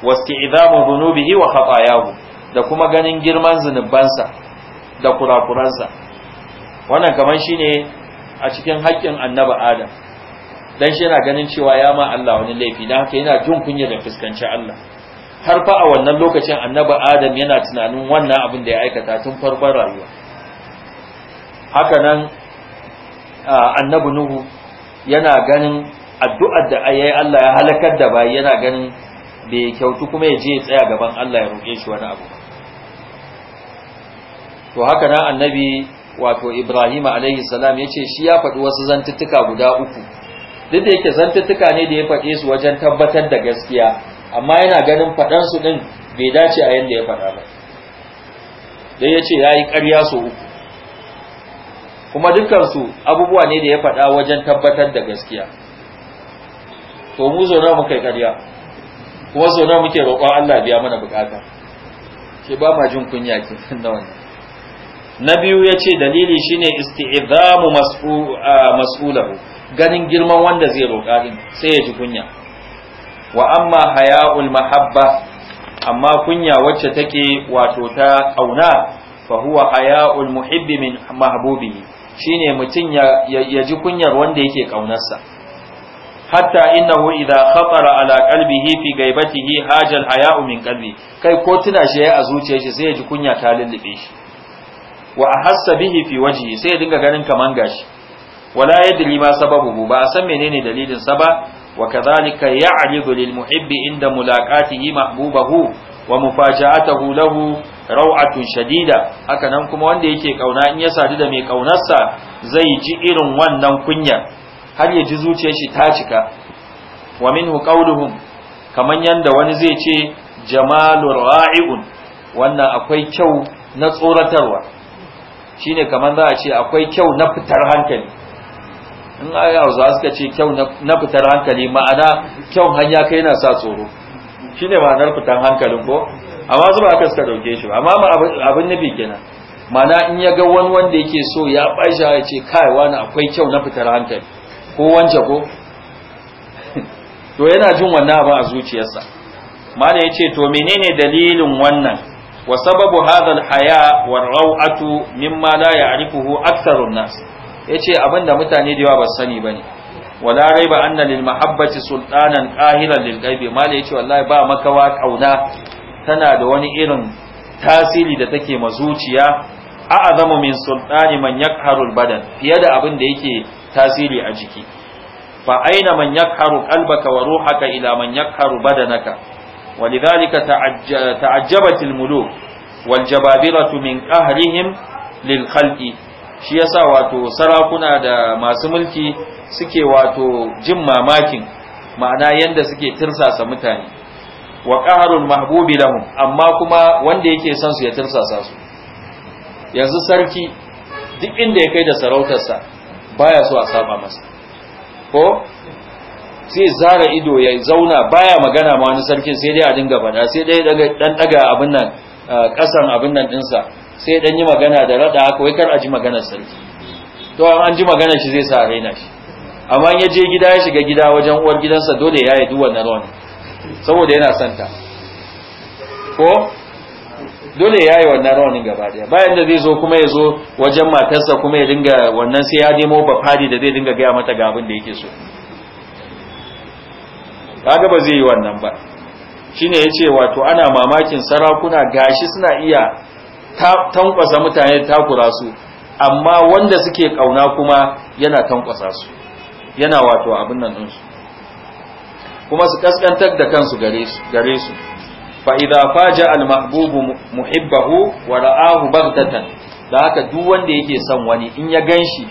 wasti'idhamu dhunubihi wa khatayahu da kuma ganin girman zinubansa da kurakuransa wannan kaman ne a cikin haƙƙin annaba adam dan shi yana ganin cewa ya ma Allah wani laifi dan haka yana jin kunya da fuskanci Allah har fa a wannan lokacin annaba adam yana tunanin wannan abin da ya aikata tun farkon rayuwa haka nan annabi nuhu yana ganin addu'ar da ayi Allah ya halakar da bai yana ganin bai kyautu kuma ya je ya tsaya gaban Allah ya roƙe shi wani abu to haka nan annabi wato Ibrahim alaihi salam ce shi ya faɗi wasu zantuttuka guda uku duk da yake zantuttuka ne da ya faɗe su wajen tabbatar da gaskiya amma yana ganin faɗan su din bai dace a yanda ya faɗa ba ce yace yayi ƙarya su uku kuma dukansu abubuwa ne da ya faɗa wajen tabbatar da gaskiya to mu zo na mu kai ƙarya kuma zo na muke roƙon Allah biya mana bukata ke ba ma jin kunya ke nan wannan na biyu ya ce dalili shine masu mas'ulahu ganin girman wanda zai roƙa din sai ya ji kunya wa amma haya'ul mahabba amma kunya wacce take wato ta ƙauna, fa huwa haya'ul muhibbi min mahbubihi shine mutum ya ji kunyar wanda yake ƙaunarsa. hatta innahu idza khatara ala qalbihi fi gaibatihi hajal haya'u min qalbi kai ko tuna shi a zuciyar shi sai ya ji kunya ta lullube shi wa ahassa bihi fi wajhi sai ya dinga ganin kaman gashi wala yadri ma sababuhu ba a san menene dalilin sa ba wa kadhalika ya'ridu lil muhibbi inda mulaqatihi mahbubahu wa mufaja'atuhu lahu raw'atun shadida haka nan kuma wanda yake kauna in ya sadu da mai kaunarsa zai ji irin wannan kunya har ya ji zuciyar shi ta cika wa minhu qawluhum kaman yanda wani zai ce jamalur ra'iun wannan akwai kyau na tsoratarwa shine kamar za a ce akwai kyau na fitar hankali in aya za suka ce kyau na fitar hankali ma'ana kyau hanya kai yana sa tsoro shine ma'anar fitar hankalin ko amma zuba aka suka dauke shi amma abin nufi kenan mana in ya ga wani wanda yake so ya bashi ya ce kai wani akwai kyau na fitar hankali ko wance ko to yana jin wannan abin a zuciyarsa mana ya ce to menene dalilin wannan Wasababu sababu hadha al-haya wa raw'atu mimma la ya'rifuhu aktharu an-nas yace abinda mutane da yawa ba sani bane wala raiba anna lil mahabbaci sultanan qahiran lil ghaibi ya ce wallahi ba makawa ƙauna tana da wani irin tasiri da take ma mazuciya a'azamu min sultani man yakharul badan fiye da abin da yake tasiri a jiki fa aina man yakharu qalbaka wa ruhaka ila man yakharu badanaka Wani ولذلك تعجبت الملوك والجبابرة من قهرهم للخلق shi yasa wato sarakuna da masu mulki suke wato jin mamakin ma'ana yadda suke tirsasa mutane wa qaharul mahbubi lahum amma kuma wanda yake son su ya tirsasa su yanzu sarki duk inda ya kai da sarautarsa baya so a saba masa ko sai zara ido ya zauna baya magana ma wani sarkin sai dai a dinga bada sai dai dan daga abin nan kasan abin nan dinsa sai dan yi magana da rada haka wai kar a ji maganar sarki to an ji maganar shi zai sa raina shi amma ya je gida ya shiga gida wajen uwar gidansa dole ya yi duwan na rawan saboda yana santa ko dole ya yi wannan rawanin gaba daya bayan da zai zo kuma ya zo wajen matarsa kuma ya dinga wannan sai ya nemo bafadi da zai dinga gaya mata ga abin da yake so kaga ba zai yi wannan ba shine yace wato ana mamakin sarakuna gashi suna iya tankwasa mutane takura su amma wanda suke kauna kuma yana tankwasa su yana wato abin nan din kuma su kaskantar da kansu gare su gare su fa idza faja al mahbubu muhibbahu wa ra'ahu baghtatan da haka duk wanda yake son wani in ya ganshi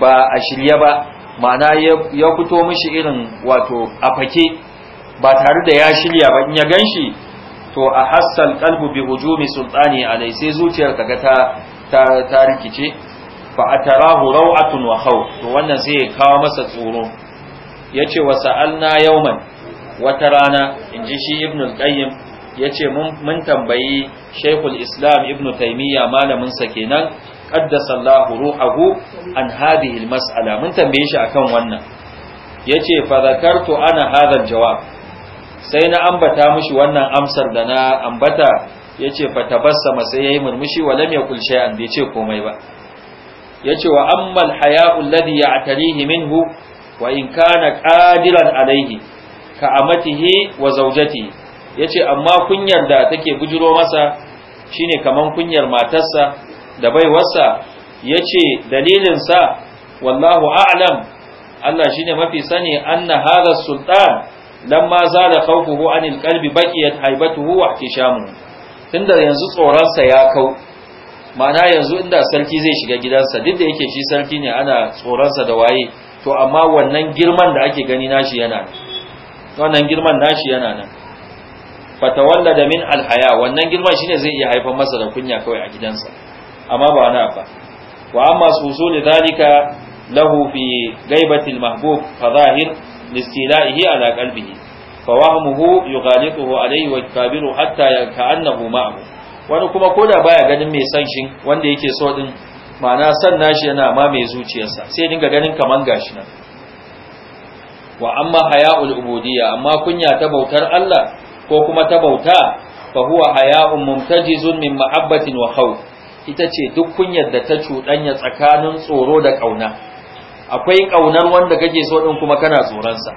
ba a shirye ba ma'ana ya fito mishi irin wato a fake ba tare da ya shirya ba in ya shi? to a hassan kalbu bi hujumi sultani alai sai zuciyar kaga ta ta rikice fa atarahu raw'atun wa khawf to wannan sai ya kawo masa tsoro yace wa sa'alna yawman wata rana inji shi ibn qayyim yace mun tambayi shaykhul islam ibn taymiya malamin sa kenan qaddasallahu ruhahu an hadhihi al-mas'ala mun tambaye shi akan wannan yace fa zakartu ana hadha al-jawab sai na ambata mushi wannan amsar da na ambata yace fa tabassama sai yayi murmushi wa lam kulshe, shay'an bai ce komai ba yace wa ammal haya'u alladhi ya'tarihi minhu wa in kana qadiran alayhi ka amatihi wa Ya yace amma kunyar da take bujiro masa shine kaman kunyar matarsa da baiwarsa yace dalilin sa wallahu a'lam Allah shine mafi sani anna hadha sultan lamma zala khawfuhu anil qalbi baqiyat haibatuhu wa ihtishamuhu tunda yanzu tsoronsa ya kau ma'ana yanzu inda sarki zai shiga gidansa duk da yake shi sarki ne ana tsoronsa da waye to amma wannan girman da ake gani nashi yana wannan girman nashi yana nan fatawalla da min alhaya wannan girman shine zai iya haifar masa da kunya kawai a gidansa amma ba na ba wa amma susul zalika lahu fi ghaibati almahbub fadhahir listinaihi ala qalbihi fa wahmuhu yughalithu alayhi wa kabiru hatta ka'annahu ma'ahu wani kuma da baya ganin mai san shi wanda yake so din ma'ana san nashi yana ma mai zuciyarsa sai dinga ganin kaman gashi nan wa amma haya'ul ubudiyya amma kunya ta bautar Allah ko kuma ta bauta fa huwa haya'un mumtajizun min mahabbatin wa khawf ita ce duk kunyar da ta cuɗanya tsakanin tsoro da ƙauna akwai kaunar wanda kake so din kuma kana tsoronsa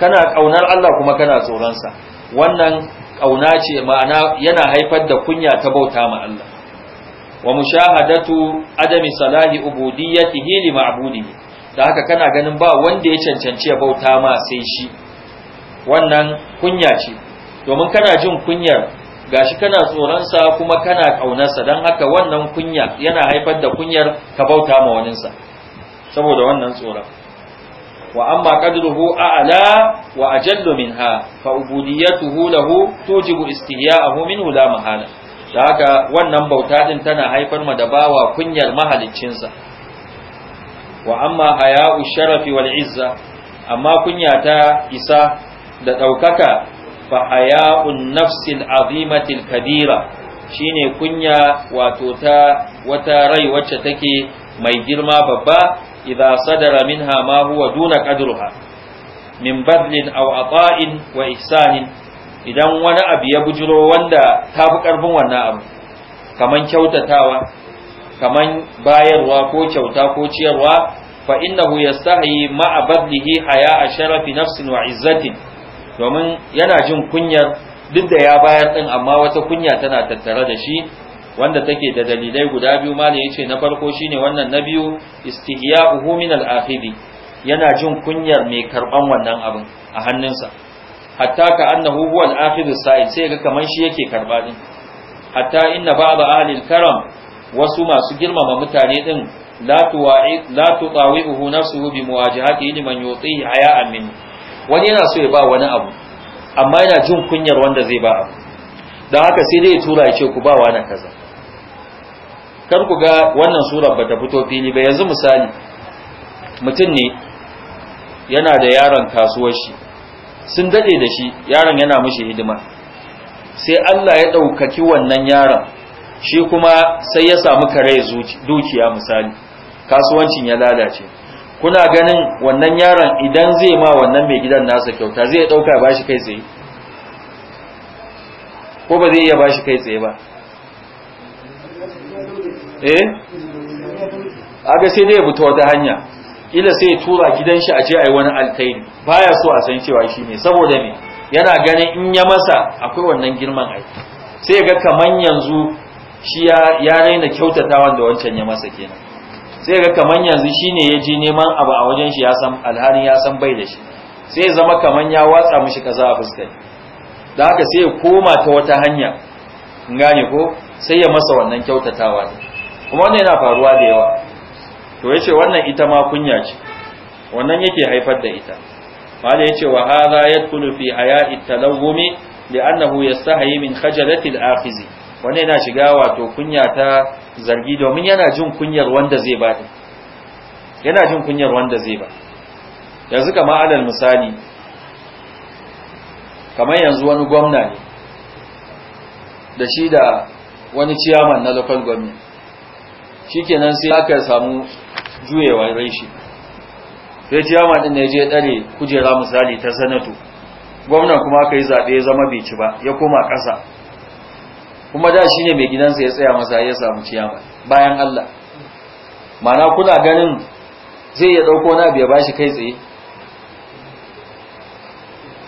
kana kaunar Allah kuma kana tsoronsa wannan kauna ce ma'ana yana haifar da kunya ta bauta ma Allah wa mushahadatu adami salahi ubudiyyatihi li ma'budihi da haka kana ganin ba wanda ya cancanci ya bauta ma sai shi wannan kunya ce domin kana jin kunyar gashi kana tsoronsa kuma kana kaunarsa dan haka wannan kunya yana haifar da kunyar ka bauta ma waninsa saboda wannan tsoron wa amma qadruhu a'la wa ajallu minha fa ubudiyatuhu lahu tujibu istihya'ahu minhu la mahala da haka wannan bauta din tana haifar ma da bawa kunyar mahaliccinsa wa amma haya'u sharafi wal izza amma kunya ta isa da daukaka fa haya'un nafsil azimatil kabira shine kunya wato ta wata rai wacce take mai girma babba idza sadara minha ma huwa duna qadruha min badlin au ata'in wa ihsanin idan wani abu ya bujiro wanda ta fi karfin wannan abu kaman kyautatawa kaman bayarwa ko kyauta ko ciyarwa fa innahu yastahi ma'a badlihi haya a sharafi nafsin wa izzatin domin yana jin kunyar duk da ya bayar din amma wata kunya tana tattare da shi wanda take da dalilai guda biyu ya ce na farko shine wannan na biyu istihya'uhu min al yana jin kunyar mai karɓan wannan abin a hannunsa hatta ka annahu huwa al-akhid sai sai ga kaman shi yake karɓa din hatta inna ba'd ahli al-karam wasu masu girmama mutane din la tuwa'i la tutawi'uhu nafsuhu bi muwajahati yotsi haya haya'an min wani yana so ya ba wani abu amma yana jin kunyar wanda zai ba abu don haka sai dai ya tura ya ce ku ba wa na kaza kar ku ga wannan surar bata fito fili ba yanzu misali mutum ne yana da yaron kasuwar shi sun dade da shi yaron yana mishi hidima sai Allah ya ɗaukaki wannan yaron shi kuma sai ya samu kare dukiya misali kasuwancin ya lalace kuna ganin wannan yaron idan zai ma wannan mai gidan nasa kyauta zai ɗauka ba kai tsaye ko ba zai iya bashi kai tsaye ba eh aga sai dai ya fita wata hanya ila sai ya tura gidan shi a je ai wani alkhairi baya so a san cewa shi ne saboda me yana ganin in ya masa akwai wannan girman ai sai ga kaman yanzu shi ya raina kyautatawan da wancan ya masa kenan sai ga kaman yanzu shi ne ya je neman abu a wajen shi ya san ya san bai da shi sai ya zama kaman ya watsa mishi kaza a fuskar da haka sai ya koma ta wata hanya gane ko sai ya masa wannan kyautatawa kuma wannan yana faruwa da yawa to yace wannan ita ma kunya ce wannan yake haifar da ita mala yace wa hadha yadkhulu fi haya'i talawumi li'annahu yastahi min khajalati al-akhizi wannan yana shiga wato kunya ta zargi domin yana jin kunyar wanda zai ba ta, yana jin kunyar wanda zai ba yanzu kamar alal misali kamar yanzu wani gwamna ne da shi da wani ciyaman na local government Shi shikenan sai aka samu rai shi. sai ciyama din ya je dare kujera misali ta sanatu gwamnan kuma aka yi zaɓe ya zama bai ci ba ya koma ƙasa kuma da shi ne mai gidansa ya tsaya masa ya samu ciyama bayan Allah mana kuna ganin zai ya ɗauko na biya bashi kai tsaye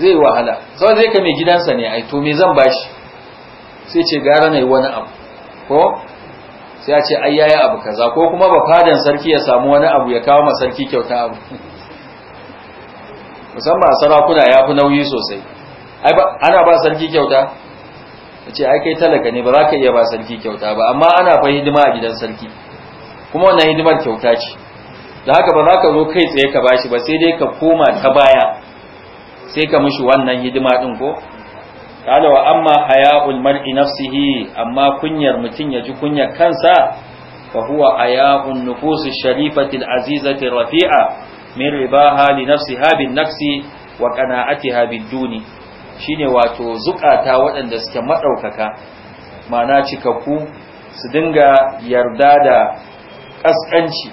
zai yi wahala sau zai ka mai gidansa ne ai to me zan bashi sai ce gara na yi wani abu ko sai ya ce ai yayi abu kaza ko kuma ba fadan sarki ya samu wani abu ya kawo ma sarki kyauta abu musamman sarakuna ya fi nauyi sosai ai ana ba sarki kyauta ce ai kai talaka ne ba za ka iya ba sarki kyauta ba amma ana fa hidima a gidan sarki kuma wannan hidimar kyauta ce da haka ba za ka zo kai tsaye ka bashi ba sai dai ka koma ta baya sai ka mishi wannan hidima din ko kala wa amma haya ulmar nafsihi amma kunyar mutum ya ji kunyar kansa fa huwa haya un nufusu sharifatin azizatin rafi'a min riba hali nafsi habin nafsi wa kana'ati habin duni shine wato zukata waɗanda suke maɗaukaka mana cikakku su dinga yarda da ƙasƙanci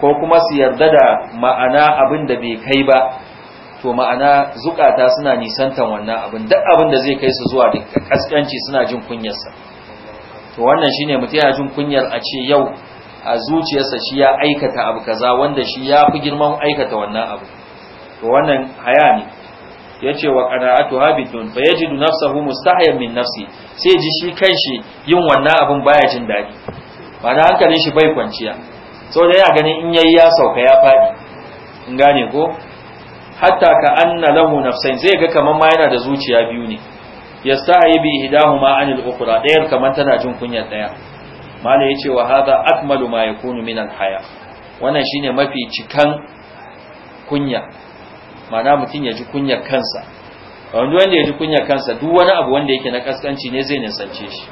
ko kuma su yarda da ma'ana abin da bai kai ba to ma'ana zukata suna nisantan wannan abin duk abin da zai kai su zuwa da kaskanci suna jin kunyarsa to wannan shine mutum ya jin kunyar a ce yau a zuciyarsa shi ya aikata abu kaza wanda shi ya fi girman aikata wannan abu to wannan haya ne ya ce wa qana'atu habitun fa yajidu nafsahu mustahiyan min nafsi sai ji shi kanshi yin wannan abin baya jin dadi ma'ana hankalin shi bai kwanciya saboda yana ganin in yayi ya sauka ya fadi in gane ko hatta ka anna lahu nafsain zai ga kaman ma yana da zuciya biyu ne yastahi bi ihdahuma anil ukhra dayar kaman tana jin kunya daya mala yace wa hadha akmalu ma yakunu min al haya wannan shine mafi cikan kunya ma'ana mutun ya ji kunyar kansa wanda wanda ya ji kunyar kansa duk wani abu wanda yake na kaskanci ne zai nisance shi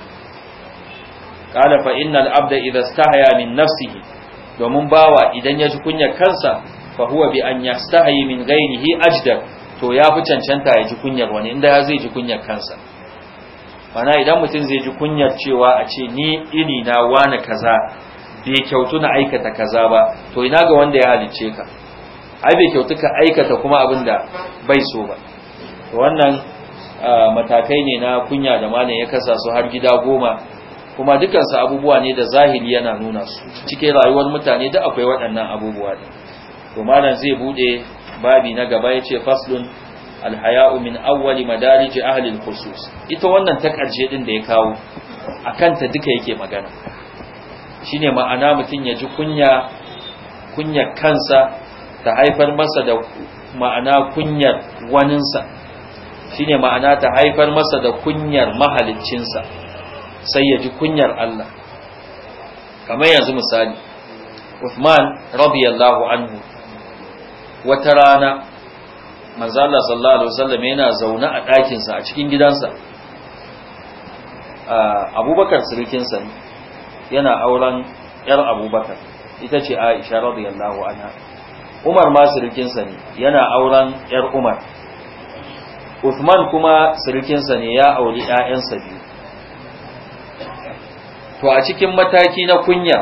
qala fa innal abda idha istahya min nafsihi domin bawa idan ya ji kunyar kansa fa huwa bi an yastahi min ghairihi ajdar to ya fi cancanta ya ji kunyar wani inda ya zai ji kunyar kansa mana idan mutum zai ji kunyar cewa a ce ni iri na wani kaza bai kyautu na aikata kaza ba to ina ga wanda ya halicce ka ai bai kyautu ka aikata kuma abin da bai so ba to wannan matakai ne na kunya da malam ya kasa su har gida goma kuma dukansu abubuwa ne da zahiri yana nuna su cike rayuwar mutane duk akwai waɗannan abubuwa ne to malam zai bude babi na gaba yace faslun alhaya'u min awwali madarij ahli alkhusus ita wannan ta karshe din da ya kawo akan ta duka yake magana shine ma'ana mutun ya ji kunya kunyar kansa ta haifar masa da ma'ana kunyar waninsa shine ma'ana ta haifar masa da kunyar mahaliccinsa sai ya ji kunyar Allah kamar yanzu misali Uthman radiyallahu anhu wata rana manzo Allah sallallahu alaihi wasallam yana zaune a ɗakinsa sa a cikin gidansa ah, Abubakar sirikin sa yana auren yar Abubakar ita ce Aisha radiyallahu anha Umar ma sirikin sa ne yana auren yar Umar Uthman kuma sirikin sa ne ya auri 'ya'yansa biyu to a cikin mataki na kunya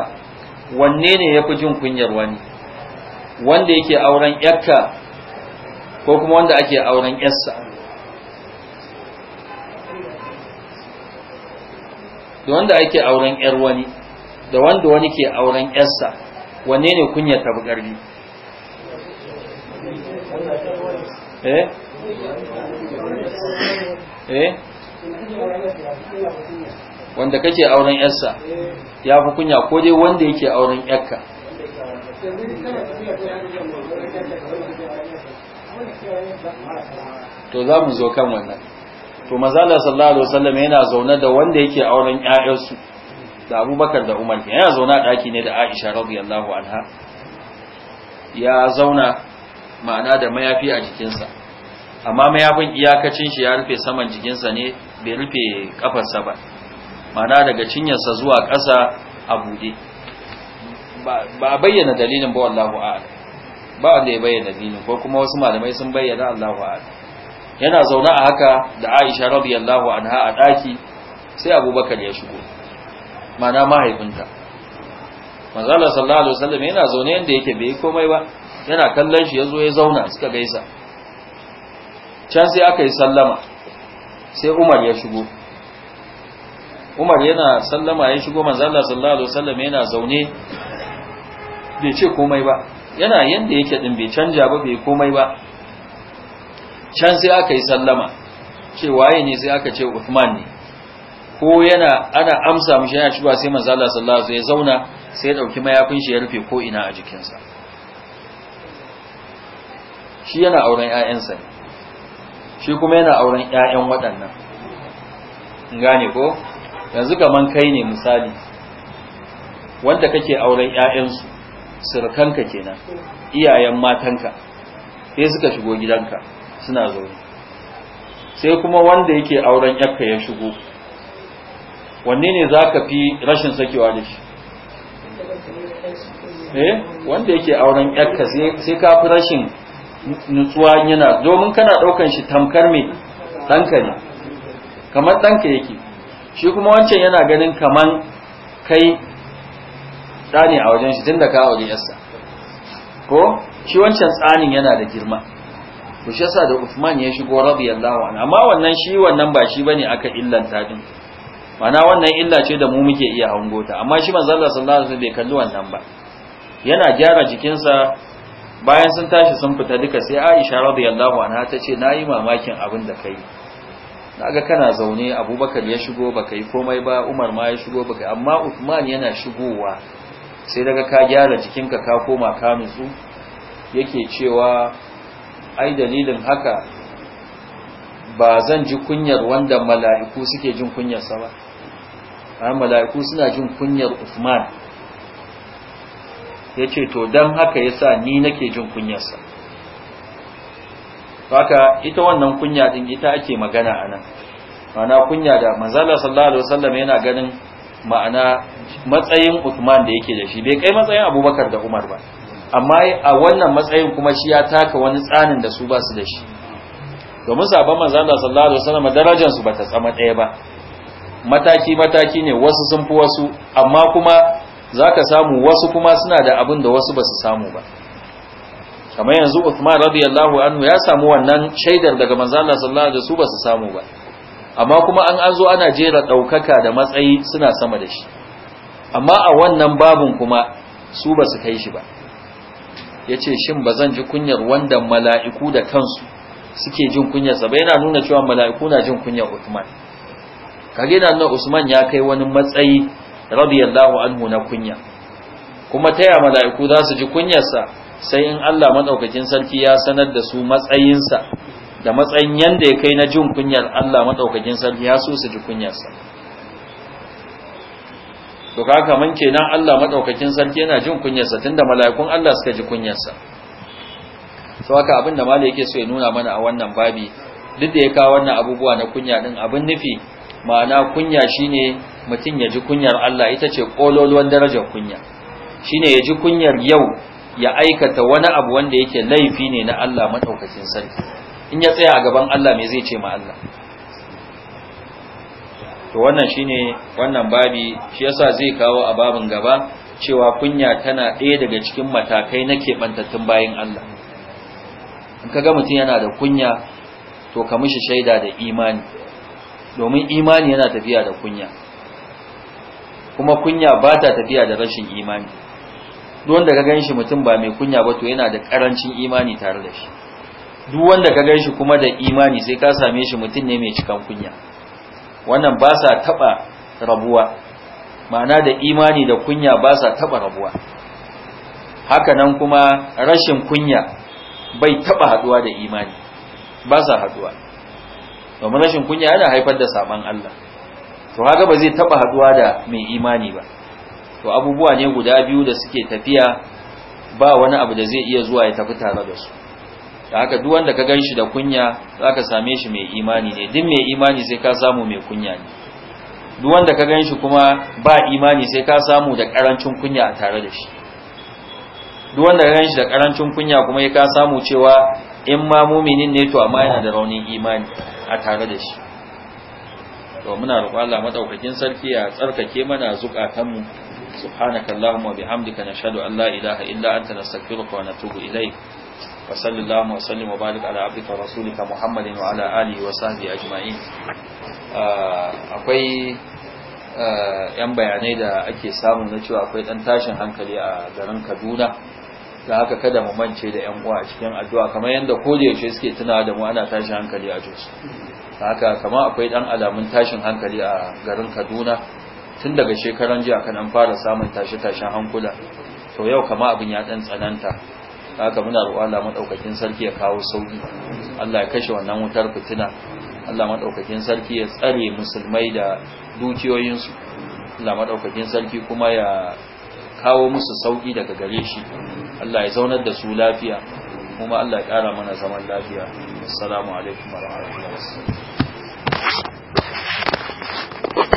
wanne ne yafi jin kunyar wani wanda yake auren yakka ko kuma wanda ake auren yarsa da wanda ake auren yar wani da wanda wani ke auren yarsa wanne ne kunya ta ƙarfi eh eh wanda kake auren yarsa ya fi kunya ko dai wanda yake auren yarka to za mu zo kan wannan to mazala sallallahu alaihi wasallam yana zaune da wanda yake auren ƴaƴansu da Abubakar da Umar yana zaune a daki ne da Aisha radiyallahu anha ya zauna ma'ana da mayafi a jikinsa amma mayafin iyakacin shi ya rufe saman jikinsa ne bai rufe kafarsa ba ma'ana daga cinyarsa zuwa ƙasa a buɗe. ba bayyana dalilin ba wallahu a'lam ba wanda ya bayyana dalilin ko kuma wasu malamai sun bayyana Allahu a'lam yana zaune a haka da Aisha radiyallahu anha a daki sai Abubakar ya shigo mana mahaifinta manzo Allah sallallahu alaihi wasallam yana zaune inda yake bai komai ba yana kallon shi yazo ya zauna suka gaisa can sai aka yi sallama sai Umar ya shigo Umar yana sallama ya shigo manzo Allah sallallahu alaihi wasallam yana zaune bai ce komai ba yana yanda yake din bai canja ba bai komai ba can sai aka yi sallama ce waye ne sai aka ce Uthman ne ko yana ana amsa mishi yana cewa sai manzo Allah sallallahu alaihi wasallam ya zauna sai ya dauki mayafin shi ya rufe ko ina a jikinsa shi yana auren ƴaƴansa ne shi kuma yana auren ƴaƴan waɗannan in gane ko yanzu kaman kai ne misali wanda kake auren ƴaƴansu surukanka kenan iyayen matanka sai suka shigo gidanka suna zaune sai kuma wanda yake auren yakka ya shigo wanne ne za ka fi rashin sakewa da shi eh wanda yake auren yakka sai ka fi rashin nutsuwa yana domin kana daukan shi tamkar me ɗanka ne kamar ɗanka yake shi kuma wancan yana ganin kaman kai tsani a wajen shi tun da ka aure yarsa ko shi wancan tsanin yana da girma to shi yasa da Uthman ya shigo radiyallahu anhu amma wannan shi wannan ba shi bane aka illanta din mana wannan illa ce da mu muke iya hango ta amma shi manzo Allah sallallahu alaihi wasallam bai kalli wannan ba yana gyara jikinsa bayan sun tashi sun fita duka sai Aisha radiyallahu anha ta ce nayi mamakin abin da kai naga kana zaune Abubakar ya shigo baka yi komai ba Umar ma ya shigo baka amma Uthman yana shigowa sai daga ka gyara jikinka ka koma ka nutsu yake cewa ai dalilin haka ba zan ji kunyar wanda mala'iku suke jin kunyarsa ba a mala'iku suna jin kunyar Uthman ya ce to don haka ya sa ni nake jin kunyarsa haka ita wannan kunya din ita ake magana a nan mana kunya da manzala sallallahu alaihi wasallam yana ganin ma'ana matsayin Uthman da yake da shi bai kai matsayin Abubakar da Umar ba amma a wannan matsayin kuma shi ya taka wani tsanin da su ba su da shi domin sabon manzon Allah sallallahu alaihi wasallam darajar su bata tsama ɗaya ba mataki mataki ne wasu sun fi wasu amma kuma zaka samu wasu kuma suna da abin da wasu ba su samu ba kamar yanzu Uthman radiyallahu anhu ya samu wannan shaidar daga manzon Allah sallallahu alaihi wasallam da su ba su samu ba amma kuma an an ana jera ɗaukaka da matsayi suna sama da shi amma a wannan babin kuma su ba su kai shi ba ya ce shin ba zan ji kunyar wanda mala'iku da kansu suke jin kunyarsa ba yana nuna cewa mala'iku na jin kunyar Uthman kage yana nuna Usman ya kai wani matsayi radiyallahu anhu na kunya kuma taya mala'iku za su ji kunyarsa sai in Allah madaukakin sarki ya sanar da su matsayinsa da matsayin yanda ya kai na jin kunyar Allah madaukakin sarki ya so su ji kunyarsa to ka kenan Allah madaukakin sarki yana jin kunyarsa tunda mala'ikun Allah suka ji kunyarsa to haka abinda malai yake so ya nuna mana a wannan babi duk da ya kawo wannan abubuwa na kunya din abin nufi ma'ana kunya shine mutum ya ji kunyar Allah ita ce kololuwan darajar kunya shine ya ji kunyar yau ya aikata wani abu wanda yake laifi ne na Allah madaukakin sarki in ya tsaya a gaban Allah mai zai ce ma Allah to wannan shine wannan babi shi yasa zai kawo a babin gaba cewa kunya tana ɗaya daga cikin matakai na keɓantattun bayan Allah in ka ga mutum yana da kunya to ka mishi shaida da imani domin imani yana tafiya da kunya kuma kunya ba ta tafiya da rashin imani don da ka gan shi mutum ba mai kunya ba to yana da ƙarancin imani tare da shi duk wanda ka gan shi kuma da imani sai ka same shi mutum ne mai cikan kunya wannan ba sa taɓa rabuwa ma'ana da imani da kunya ba sa taɓa rabuwa haka nan kuma rashin kunya bai taɓa haɗuwa da imani ba sa haɗuwa domin rashin kunya yana haifar da saɓan Allah to haka ba zai taɓa haɗuwa da mai imani ba to abubuwa ne guda biyu da suke tafiya ba wani abu da zai iya zuwa ya tafi tare da su da haka duk wanda ka gan shi da kunya za ka same shi mai imani ne duk mai imani sai ka samu mai kunya ne duk wanda ka gan shi kuma ba imani sai ka samu da karancin kunya a tare da shi duk wanda ka gan shi da karancin kunya kuma ya ka samu cewa in ma muminin ne to amma yana da raunin imani a tare da shi to muna roƙon Allah madaukakin sarki ya tsarkake mana zukatanmu subhanakallahumma bihamdika nashhadu an la ilaha illa anta nastaghfiruka wa natubu ilayk وصلى الله وسلم وبارك على عبدك ورسولك محمد وعلى اله وصحبه أجمعين akwai yan bayanai da ake samu na cewa akwai dan tashin hankali a garin Kaduna da haka kada mu mance da yan uwa a cikin addu'a kamar yanda yace suke tunawa da mu ana tashin hankali a Jos haka kamar akwai dan alamun tashin hankali a garin Kaduna tun daga shekaran jiya kan an fara samun tashe-tashen hankula to yau kamar abin ya dan tsananta haka muna roƙon Allah madaukakin sarki ya kawo sauki Allah ya kashe wannan wutar fitina Allah madaukakin sarki ya tsare musulmai da dukiyoyinsu Allah madaukakin sarki kuma ya kawo musu sauki daga gare shi Allah ya zaunar da su lafiya kuma Allah ya ƙara mana zaman lafiya assalamu alaikum warahmatullahi wabarakatuh